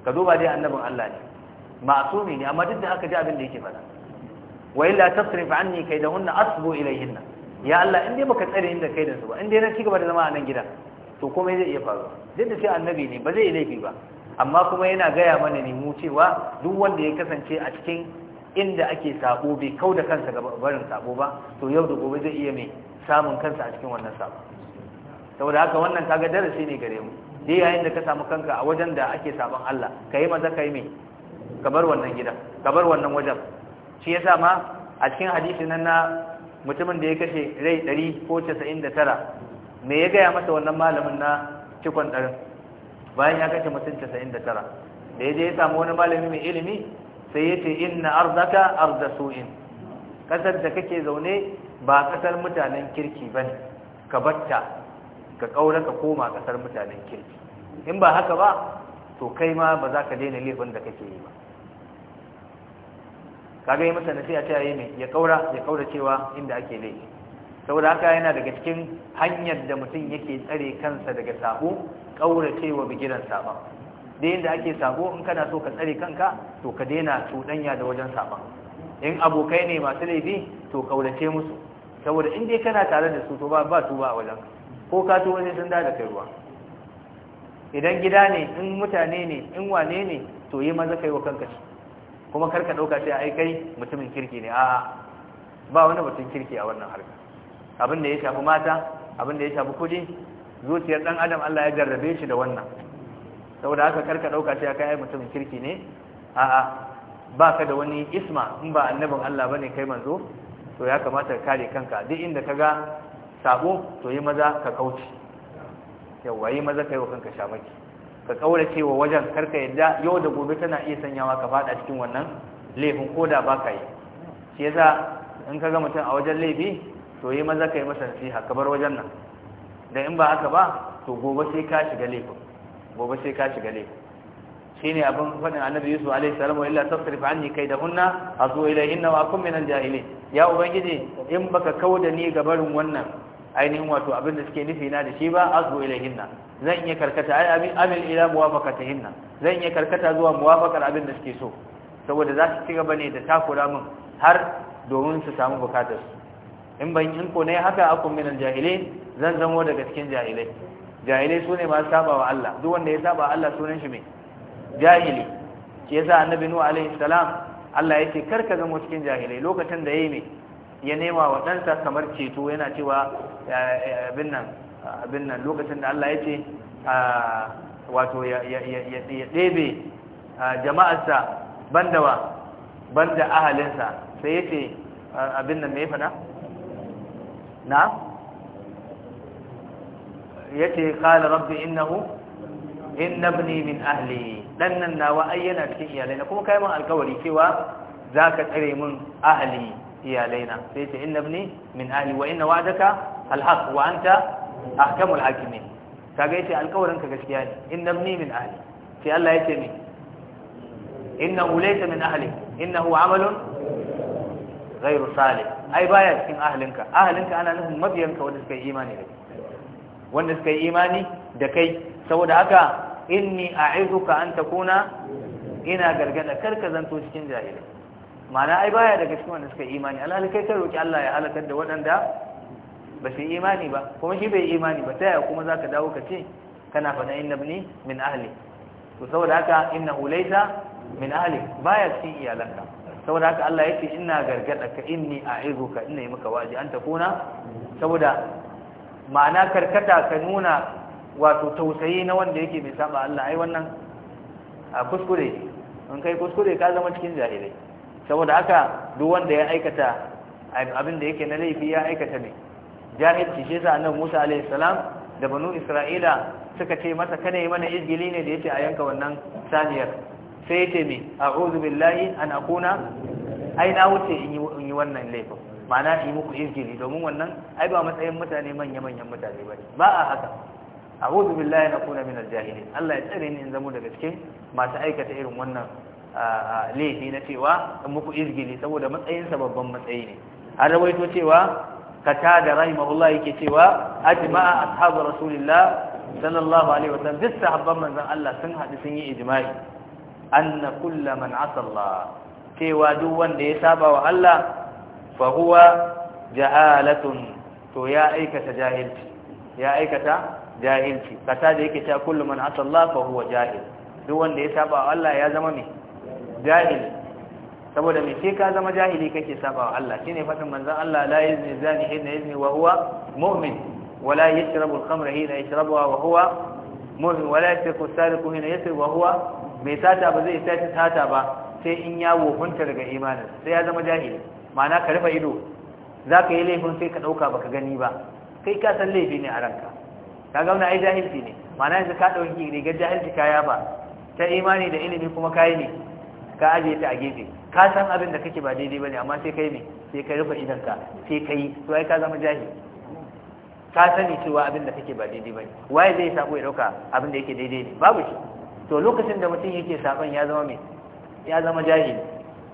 ka duba dai annabin Allah ne ma'asumi ne amma duk da haka ji abin da yake faɗa wa illa tasrif anni kaydahunna asbu ilayhinna ya Allah in dai baka tsare inda kai da su ba in dai na gaba da zama a nan gida to komai zai iya faruwa duk da cewa annabi ne ba zai yi laifi ba amma kuma yana gaya mana ne mu cewa duk wanda ya kasance a cikin inda ake sabo bai kau da kansa ga barin sabo ba to yau da gobe zai iya mai samun kansa a cikin wannan sabo saboda haka wannan kaga darasi ne gare mu dai yayin da ka samu kanka a wajen da ake sabon Allah kai maza kai mai ka bar wannan gidan ka bar wannan wajen shi yasa ma a cikin hadisi nan na mutumin da ya kashe rai 199 me ya gaya masa wannan malamin na cikon ɗarin bayan ya kashe mutum 99 da ya je ya samu wani malami mai ilimi sai ya ce inna arzaka arda su'in kasar da kake zaune ba kasar mutanen kirki ba ne ka batta ka ƙaura ka koma kasar mutanen kirki in ba haka ba to kai ma ba za ka daina laifin da kake yi ba kaga yi masa nasiha ta yi ne ya ƙaura ya ƙaura cewa inda ake laifi saboda haka yana daga cikin hanyar da mutum yake tsare kansa daga sabo ƙaura cewa bigiran sabon da yadda ake sabo in kana so ka tsare kanka to ka daina cuɗanya da wajen saban in abokai ne masu laifi to kaurace musu saboda in dai kana tare da su to ba ba su ba a wajen ko ka to wani sun da kai ruwa idan gida ne in mutane ne in wane ne to yi maza kai wa kanka kuma kar ka dauka sai ai kai mutumin kirki ne a'a ba wani mutum kirki a wannan harka abin da ya shafi mata abin da ya shafi kudi zuciyar dan adam Allah ya jarrabe shi da wannan saboda haka karka dauka cewa kai mutumin kirki ne a'a baka da wani isma in ba annabin Allah bane kai manzo to ya kamata ka kare kanka duk inda kaga sabo to yi maza ka kauce yawa yi maza kai wa kanka shamaki ka kaurace wa wajen karka yadda yau da gobe tana iya sanyawa ka fada cikin wannan laifin koda baka yi shi yasa in kaga mutum a wajen laifi to yi maza kai masa nasiha kabar wajen nan da in ba haka ba to gobe sai ka shiga laifin gobe sai ka shiga ne shine abin faɗin annabi yusuf alaihi salam wa illa tasrif anni kaidahunna azu inna wa akum min ya ubangiji in baka kauda ni gabarin wannan ainihin wato abin da suke nufi na da shi ba azu hinna zan iya karkata ai abin amil ila hinna zan iya karkata zuwa muwafaqar abin da suke so saboda za su ci gaba ne da takura min har domin su samu bukatarsu in ban in ko ne haka akum min al zan zamo daga cikin jahilai jahilai su ne masu saba wa Allah duk wanda ya saba Allah sunan shi mai jahili shi sa annabi nuhu alaihi salam Allah ya ce kar ka zama cikin jahilai lokacin da yayi mai ya nema wa ɗansa kamar ceto yana cewa abin nan abin nan lokacin da Allah ya ce wato ya ɗebe jama'arsa bandawa banda ahalinsa sai ya ce abin nan mai fada na yace qala rabbi innahu inna ibni min ahli dan nan nawa ai yana cikin iyalaina. kuma kai mun alkawari cewa zaka tsare mun ahli iyalaina. na sai ce inna ibni min ahli wa inna wa'daka alhaq wa anta ahkamul hakimin kaga yace alkawarin ka gaskiya ne inna ibni min ahli sai Allah yace ni innahu laysa min ahli innahu amalun ghayru salih ai baya cikin ahlinka ahlinka ana nufin mabiyanka wanda suka yi imani da kai wanda suka yi imani da kai saboda haka inni a'izuka an takuna ina gargada karka zanto cikin jahilai ma'ana ai baya daga cikin wanda suka yi imani alhali kai ka roki Allah ya halakar da waɗanda ba su yi imani ba kuma shi bai imani ba taya kuma zaka dawo ka ce kana faɗa inna ibni min ahli to saboda haka inna laysa min ahli baya cikin iyalanka saboda haka Allah yake ina gargada ka inni a'izuka ina yi maka waji an takuna saboda ma'ana karkata ka nuna wato tausayi na wanda yake mai saba Allah ai wannan a kuskure in kai kuskure ka zama cikin jahilai saboda haka duk wanda ya aikata abin da yake na laifi ya aikata ne jahilci shi yasa annabi Musa alaihi salam da banu Isra'ila suka ce masa kana yi mana izgili ne da yace a yanka wannan saniyar sai yace me a'udhu billahi an akuna ai na wuce in yi wannan laifin ma'ana yi muku izgili domin wannan ai ba matsayin mutane manya-manyan mutane ba ba a haka a'udhu na kuna minar jahilin Allah ya tsare ni in zamo daga cikin masu aikata irin wannan laifi na cewa in muku izgili saboda matsayinsa babban matsayi ne an rawaito cewa kata da rahimahullah yake cewa ajma'a ashabu rasulillah sallallahu alaihi wasallam duk sahabban manzon Allah sun hadu sun yi ijma'i anna kullu man cewa duk wanda ya saba wa Allah fa huwa jahalatun to ya aikata jahilci ya aikata jahilci kata da yake cewa kullu man ata Allah jahil duk wanda ya saba wa Allah ya zama me jahil saboda me sai ka zama jahili kake saba wa Allah shine fatan manzon Allah la yazni zani hina yazni wa huwa mu'min wala yashrabu al-khamra hina yashrabuha wa huwa mu'min wala yasriqu as-sariqu hina yasriqu wa huwa mai sata ba zai sata ba sai in ya wofunta daga imanin sai ya zama jahili ma'ana ka rufe ido za ka yi laifin sai ka ɗauka ka gani ba kai ka san laifi ne a ranka ka gauna ai jahilci ne ma'ana yanzu ka ɗauki rigar jahilci kaya ba ta imani da ilimi kuma kayi ne ka ajiye ta a gefe ka san abin da kake ba daidai ba ne amma sai kai ne sai ka rufe ka sai ka yi to ai ka zama jahil ka sani cewa abin da kake ba daidai ba ne waye zai sako ya ɗauka abin da yake daidai ne babu shi to lokacin da mutum yake saban ya zama mai ya zama jahili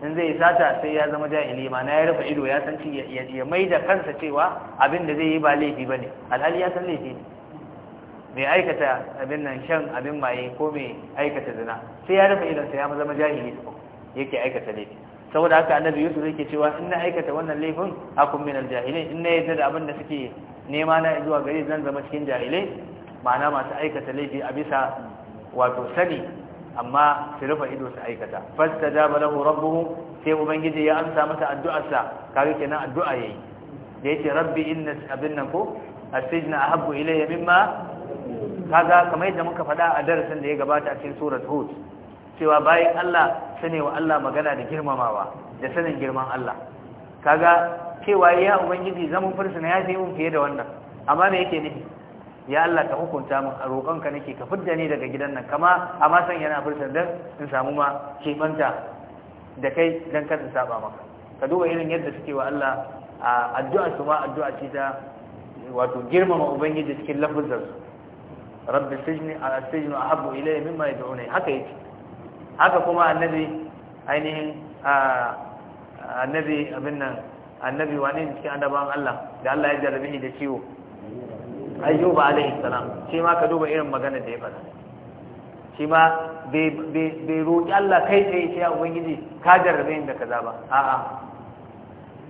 in zai sata sai ya zama jahili ma na ya rufe ido ya san ci ya mai da kansa cewa abin da zai yi ba laifi ba ne alhali ya san laifi ne mai aikata abin nan shan abin maye ko mai aikata zina sai ya rufe idonsa ya zama jahili yake aikata laifi saboda haka annabi yusuf yake cewa in na aikata wannan laifin akun min aljahilin in na yadda da abin da suke nema na zuwa gari zan zama cikin jahilai ma'ana masu aikata laifi a bisa wato sani amma su rufe ido su aikata da ba lahu rabbuhu sai ubangiji ya amsa masa addu'arsa kaga kenan addu'a yayi da yace rabbi inna abin nan ko asijna ahabbu ilayya mimma kaga kamar yadda muka faɗa a darasin da ya gabata a cikin surat hud cewa bayan Allah sane wa Allah magana da girmamawa da sanin girman Allah kaga cewa ya ubangiji zaman fursuna ya fi mun fiye da wannan amma me yake nufi ya Allah ka hukunta min a roƙonka nake ka fidda ni daga gidan nan kama a san yana furta dan in samu ma kebanta da kai dan kar in saba maka ka duba irin yadda suke wa Allah addu'a su ma addu'a ce ta wato girmama ubangiji cikin lafuzar su rabbi sijni ala sijni ahabbu ilayya mimma yad'una haka yake haka kuma annabi ainihin annabi abin nan annabi wani ne cikin annabawan Allah da Allah ya jarabe ni da ciwo ayyuba alaihi salam shi ma ka duba irin magana da ya faɗa shi ma bai roƙi Allah kai tsaye ce ya ubangiji ka jarrabe inda ka zaba a'a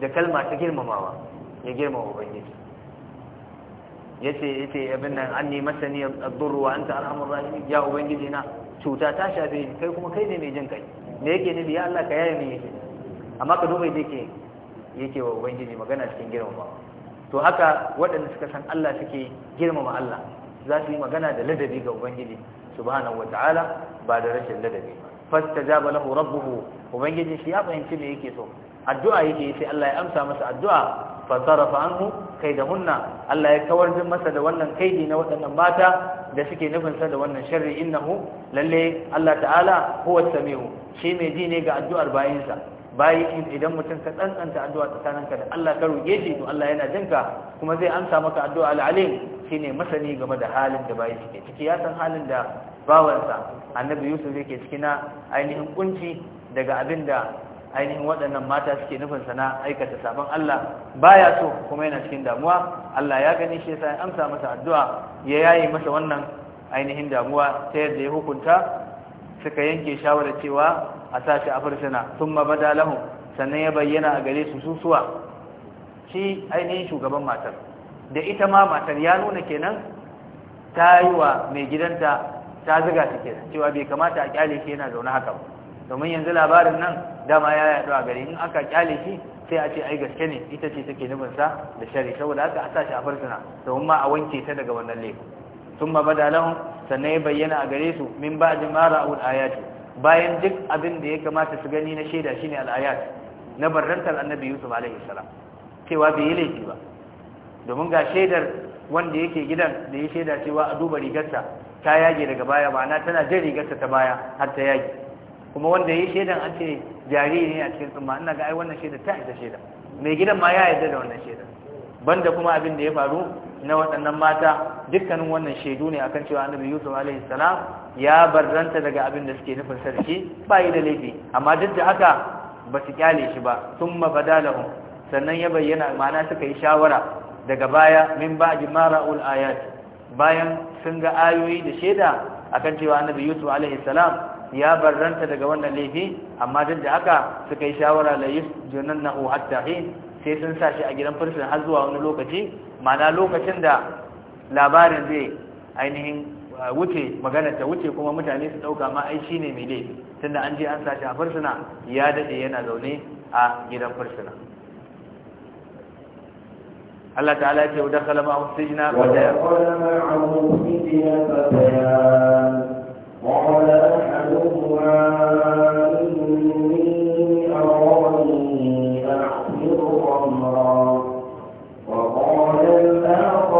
da kalma ta girmamawa ya girmama ubangiji yace yace abin nan anni masa ni dur wa anta arhamur rahim ya ubangiji na cuta ta shafe ni kai kuma kai ne mai jin kai me yake nabi ya Allah ka yaye ni yake amma ka duba yake yake wa ubangiji magana cikin girmamawa to haka waɗanda suka san Allah suke girmama Allah za su yi magana da ladabi ga ubangiji subhanahu wataala ba da rashin ladabi fastajaba lahu rabbuhu ubangiji shi ya fahimci me yake so addu'a yake sai Allah ya amsa masa addu'a fa sarafa anhu kaidahunna Allah ya kawar jin masa da wannan kaidi na waɗannan mata da suke nufin sa da wannan sharri innahu lalle Allah ta'ala huwa samiu shi mai ji ne ga addu'ar bayinsa bayi idan mutum ka tsantsanta addu'a tsakaninka da Allah ka roƙe shi to Allah yana jinka kuma zai amsa maka addu'a al-alim shine masani game da halin da bayi suke ciki ya san halin da bawansa annabi Yusuf yake ciki na ainihin kunci daga abinda da ainihin waɗannan mata suke nufin sana aikata sabon Allah baya so kuma yana cikin damuwa Allah ya gani shi yasa amsa masa addu'a ya yaye masa wannan ainihin damuwa ta yadda ya hukunta suka yanke shawara cewa a sace a fursuna sun mabada lahun sannan ya bayyana a gare su susuwa shi ainihin shugaban matar da ita ma matar ya nuna kenan ta yi wa mai gidanta ta ziga su kenan cewa bai kamata a kyale shi yana zaune haka ba domin yanzu labarin nan dama ya yaɗu a gari in aka kyale shi sai a ce ai gaske ne ita ce take sa da shari saboda haka a sashi a fursuna domin ma a wanke ta daga wannan laifin sun mabada lahun sannan ya bayyana a gare su min ba'di ma ra'ul ayati bayan duk abin da ya kamata su gani na shaida shine ne al’ayat na barrantar annabi yusuf alaihi cewa bai yi laifi ba domin ga shaidar wanda yake gidan da ya shaida cewa a duba rigarsa ta yage daga baya ma'ana tana jan rigarsa ta baya har ta yage kuma wanda ya yi shaidan an ce jariri ne a cikin tsumma ina ga ai wannan shaidar ta isa shaidar mai gidan ma ya yarda da wannan shaida banda kuma abin da ya faru na waɗannan mata dukkanin wannan shaidu ne akan cewa annabi yusuf alaihi salam ya barranta daga abin da suke nufin sarki ba yi da laifi amma duk da haka ba su kyale shi ba sun mabadalahu sannan ya bayyana ma'ana suka yi shawara daga baya min ba'di ma ra'ul ayat bayan sun ga ayoyi da shaida akan cewa annabi yusuf alaihi salam ya barranta daga wannan laifi amma duk da haka suka yi shawara la yusjunahu hatta hin sai sun sa shi a gidan firsin har zuwa wani lokaci mana lokacin da labarin zai ainihin uh, wuce magana ta wuce kuma mutane su dauka ma ai shine mai laifi tunda an je an sa shi a fursuna ya dade yana zaune a gidan allah ta'ala ya ce firsuna الله تعالى يقول دخل معه السجن فتيان ودخل معه السجن فتيان قال احدهما اني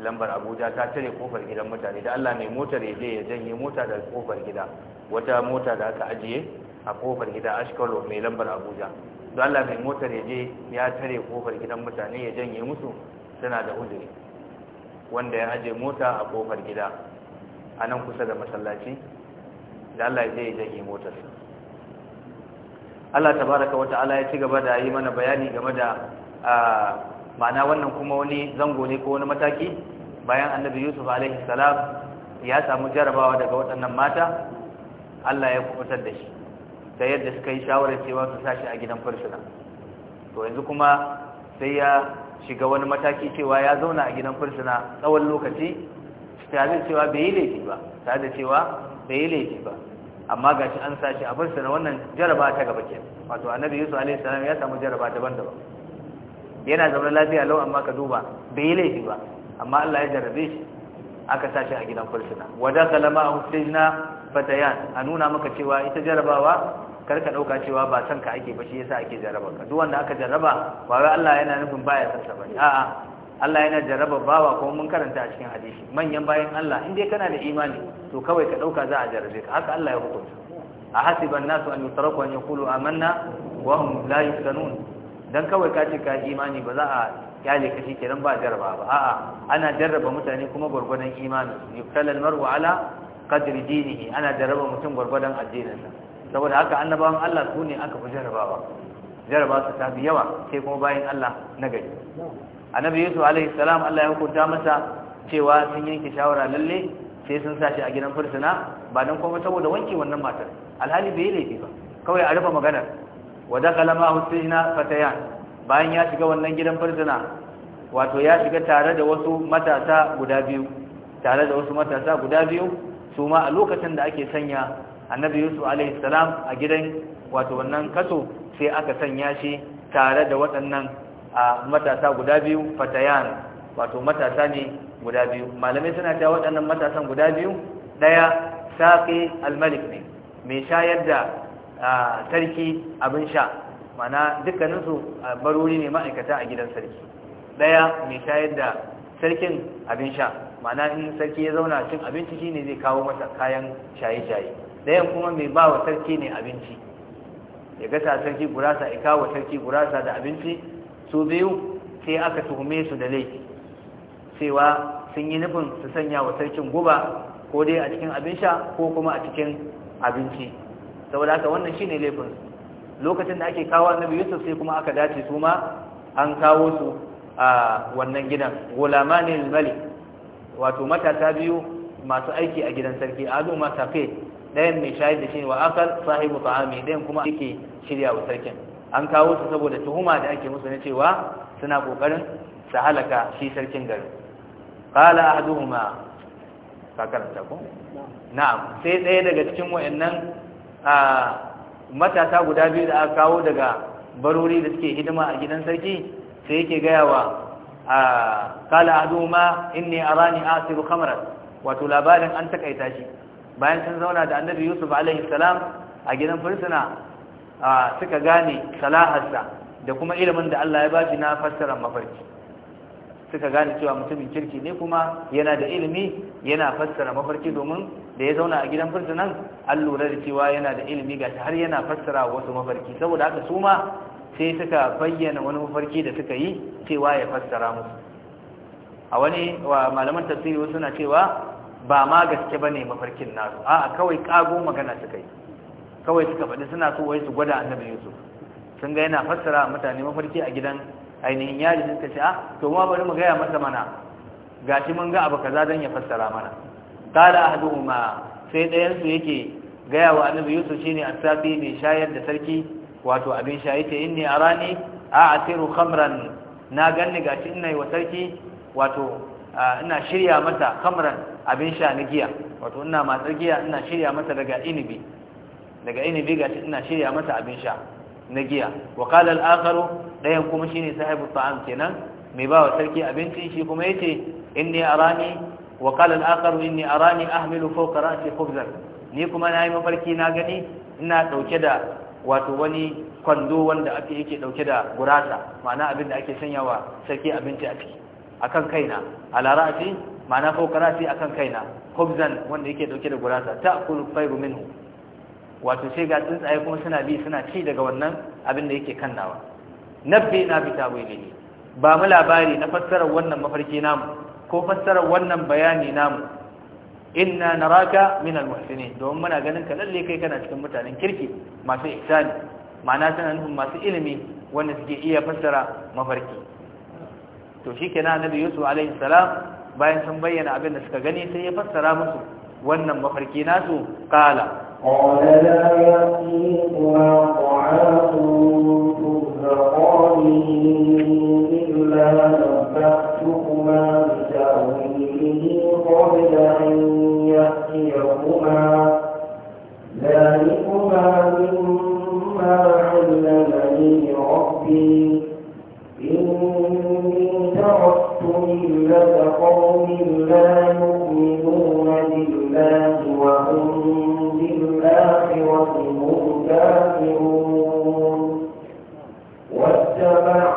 lambar abuja ta cire kofar gidan mutane da allah mai motar ya je ya janye mota da kofar gida wata mota da aka ajiye a kofar gida ashkalo mai lambar abuja da allah mai motar ya je ya tare kofar gidan mutane ya janye musu suna da uzuri wanda ya ajiye mota a kofar gida a nan kusa da masallaci da allah ya je ya janye motar allah tabaraka wata ala ya ci gaba da yi mana bayani game da ah, ma'ana wannan kuma wani zango ne ko wani mataki bayan annabi yusuf alaihi salam ya samu jarabawa daga waɗannan mata Allah ya kubutar da shi ta yadda suka yi shawarar cewa su sashi a gidan fursuna to yanzu kuma sai ya shiga wani mataki cewa ya zauna a gidan fursuna tsawon lokaci tare cewa bai yi laifi ba tare da cewa bai yi laifi ba amma gashi an sashi a fursuna wannan jaraba ta gaba ke wato annabi yusuf alaihi salam ya samu jaraba daban-daban yana zaune lafiya lau amma ka duba bai yi laifi ba amma Allah ya jarrabe shi aka sashi a gidan fursuna wada kalama a hussaina fatayan a nuna maka cewa ita jarrabawa karka dauka cewa ba san ka ake ba shi yasa ake jaraba ka duk wanda aka jarraba ba wai Allah yana nufin baya san sa bane a'a Allah yana jaraba bawa kuma mun karanta a cikin hadisi manyan bayan Allah in dai kana da imani to kawai ka dauka za a jarabe ka haka Allah ya hukunta a hasiban nasu an yutraku an yaqulu amanna wa hum la yuftanun dan kawai ka ce ka imani ba za a kyale ka shikenan ba jarraba ba a'a ana jarraba mutane kuma gurgurdan imani yuktala almar'u ala qadri dinihi ana jarraba mutum gurgurdan addininsa saboda haka annabawan Allah su ne aka fi jarrabawa jarraba su ta yawa sai kuma bayan Allah na gari annabi Yusuf alaihi salam Allah ya hukunta masa cewa sun yanke shawara lalle sai sun sace a gidan fursuna ba dan kuma saboda wanke wannan matar alhali bai laifi ba kawai a rufe maganar wa dakala ma husaina fatayan bayan ya shiga wannan gidan farzana, wato ya shiga tare da wasu matasa guda biyu tare da wasu matasa guda biyu su ma a lokacin da ake sanya annabi yusuf alaihi salam a gidan wato wannan kaso sai aka sanya shi tare da waɗannan matasa guda biyu fatayan wato matasa ne guda biyu malamai suna cewa waɗannan matasan guda biyu ɗaya saƙi almalik ne mai shayar da sarki abin sha mana dukkaninsu barori ne ma'aikata a gidan sarki daya mai shayar da sarkin abin sha mana in sarki ya zauna cin abinci shine zai kawo masa kayan shaye-shaye dayan kuma mai ba wa sarki ne abinci ya gasa sarki gurasa ya kawo sarki gurasa da abinci su biyu sai aka tuhume su da laifi cewa sun yi nufin su sanya wa sarkin guba ko dai a cikin abin sha ko kuma a cikin abinci saboda haka wannan shine laifin lokacin da ake kawo annabi Yusuf sai kuma aka dace su ma an kawo su a wannan gidan gulamanil malik wato matata biyu masu aiki a gidan sarki azu matafe ɗayan mai shayar da shi wa akal sahibu ta'ami ɗayan kuma yake shirya wa sarkin an kawo su saboda tuhuma da ake musu na cewa suna kokarin su halaka shi sarkin garin qala ahduhuma ka karanta ko na'am sai ɗaya daga cikin wayannan a matasa guda biyu da aka kawo daga barori da suke hidima a gidan sarki sai yake gaya wa kala a inni arani asiru khamran wato labarin an takaita shi bayan sun zauna da annabi yusuf alaihi salam a gidan fursuna suka gane salaharsa da kuma ilimin da Allah ya ba shi na fassara mafarki suka gane cewa mutumin kirki ne kuma yana da ilimi yana fassara mafarki domin da ya zauna a gidan nan an lura da cewa yana da ilimi ga har yana fassara wasu mafarki saboda haka su ma sai suka bayyana wani mafarki da suka yi cewa ya fassara musu a wani wa malaman tafsiri wasu na cewa ba ma gaske bane mafarkin nasu a'a kawai kago magana suka yi kawai suka faɗi suna so wai su gwada annabi Yusuf sun ga yana fassara mutane mafarki a gidan ainihin yari suka ce a ah, to ma bari mu gaya masa mana gashi mun ga abu kaza dan ya fassara mana qala ahduhuma sai ɗayan su yake gaya wa annabi yusuf shine asabi mai shayar da sarki wato abin shayi ta inni arani a'tiru khamran na ganni gashi ina yi wa sarki wato ina shirya mata khamran abin sha na giya wato ina ma giya ina shirya mata daga inibi daga inibi gashi ina shirya mata abin sha na giya wa kala ɗayan ɗayan kuma kuma shine sahibu ta'am kenan mai ba wa sarki abinci shi kuma ya yace inni rani wa qala al'akaru akharu a rani ahmilu fawqa ra'si kubzar ni kuma na yi mafarki na gani ina ɗauke da wato wani kwando wanda ake yake ɗauke da gurasa ma'ana abin da ake sanya wa sarki abinci a ciki akan kaina ala ra'si ma'ana fawqa a akan kaina khubzan wanda yake ɗauke da gurasa ta fayru minhu wato sai ga tsuntsaye kuma suna bi suna ci daga wannan abin da yake kan nawa nabbi na bi ne ba mu labari na fassarar wannan mafarki namu ko fassarar wannan bayani namu inna naraka min almuhsinin domin muna ganin ka lalle kai kana cikin mutanen kirki masu ihsani ma'ana suna nufin masu ilimi wanda suke iya fassara mafarki to shikenan annabi yusuf alaihi salam bayan sun bayyana abin da suka gani sai ya fassara musu wannan mafarki nasu qala قال لا يأتيكما طعام ترزقانه إلا نبأتكما بتأويله قبل أن يأتيكما ذلكما مما علمني ربي إني تركت ملة قوم لا يؤمنون بالله الآخرة هم كافرون واتبع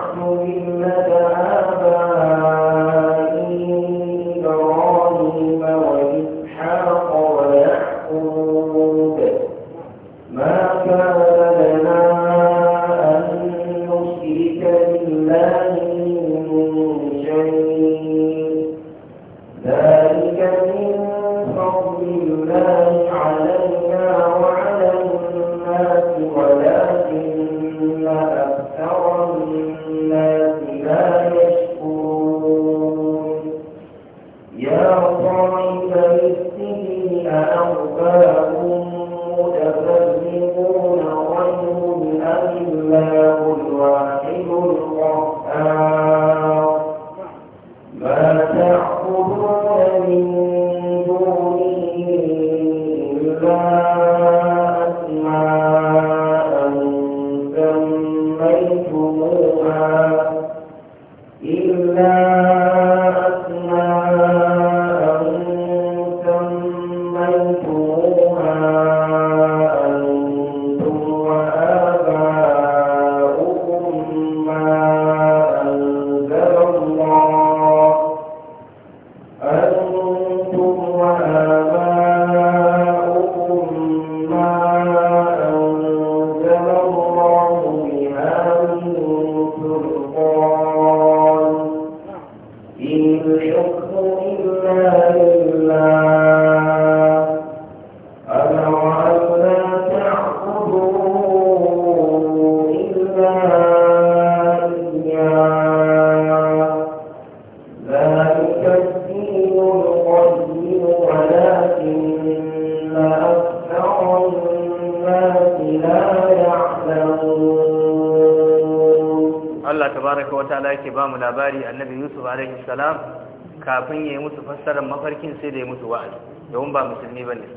fassarar mafarkin sai da ya mutu wa'azi domin ba musulmi ba ne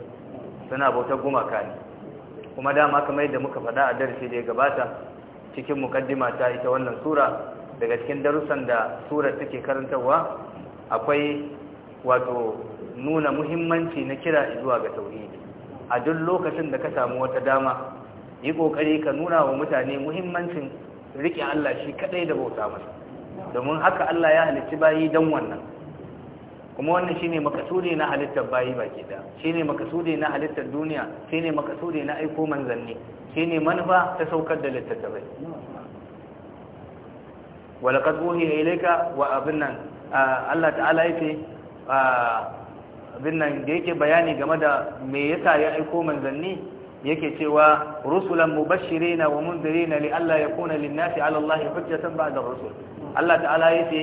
suna bautar gumaka ne kuma dama kamar yadda muka faɗa a darasi da ya gabata cikin mukaddima ta ita wannan sura daga cikin darussan da surar take karantarwa akwai wato nuna muhimmanci na kira zuwa ga tauhidi a duk lokacin da ka samu wata dama yi kokari ka nuna wa mutane muhimmancin riƙe Allah shi kadai da bauta masa domin haka Allah ya halicci bayi dan wannan kuma wannan shine makasudi na halittar bayi baki da shine makasudi na halittar duniya shine makasudi na aiko manzanni shine manufa ta saukar da littattafai walaqad uhi ilayka wa abinnan Allah ta'ala yake abinnan da yake bayani game da me yasa ya aiko manzanni yake cewa rusulan mubashirina wa munzirina li alla yakuna lin-nasi 'ala Allah hujjatan ba'da rusul Allah ta'ala yake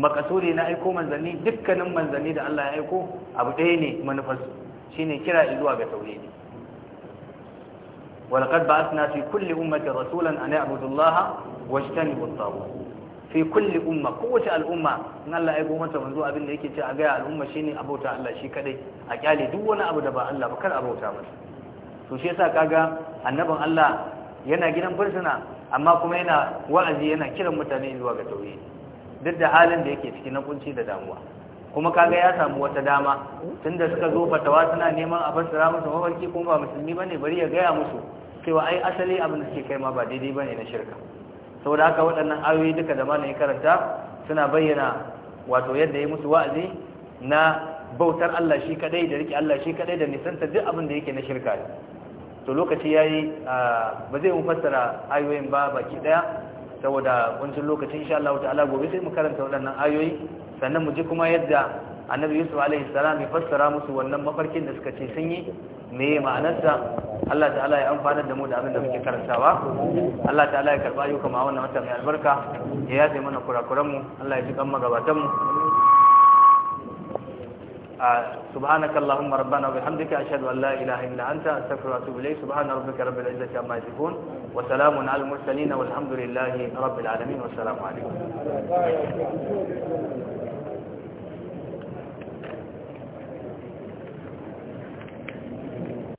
makasuri na aiko manzanni dukkanin manzanni da Allah ya aiko abu ɗaya ne manufarsu shine kira zuwa ga tauhidi laqad ba'athna fi kulli ummati rasulan an ya'budu Allah wa yajtanibu at-taghut fi kulli umma kowace al'umma in Allah ya aiko mata manzo abin da yake ce a ga al'umma shine abota Allah shi kadai a kyale duk wani abu da ba Allah ba kar abota masa to shi yasa kaga annabin Allah yana gidan fursuna amma kuma yana wa'azi yana kiran mutane zuwa ga tauhidi duk da halin da yake ciki na kunci da damuwa kuma kaga ya samu wata dama tun da suka zo fatawa suna neman a fassara musu mafarki kuma ba musulmi ba ne bari ya gaya musu cewa ai asali abin da suke kai ma ba daidai ba ne na shirka saboda haka waɗannan ayoyi duka da malamin karanta suna bayyana wato yadda ya musu wa'azi na bautar Allah shi kadai da rike Allah shi kadai da nisanta duk abin da yake na shirka to lokaci yayi ah, ba zai mu fassara ayoyin ba baki daya saboda kuncin lokacin insha Allah ta'ala gobe sai mu karanta waɗannan ayoyi sannan mu ji kuma yadda annabi Yusuf alaihi salam ya fassara musu wannan mafarkin da suka ce sun yi me sa Allah ta'ala ya amfana da mu da abin da muke karantawa Allah ta'ala ya karba yau mu a wannan wata mai albarka ya yafe mana kurakuran mu Allah ya ji kan magabatan mu آه، سبحانك اللهم ربنا وبحمدك أشهد أن لا إله إلا أنت أستغفر وأتوب إليك سبحان ربك رب العزة عما يصفون وسلام على المرسلين والحمد لله رب العالمين والسلام عليكم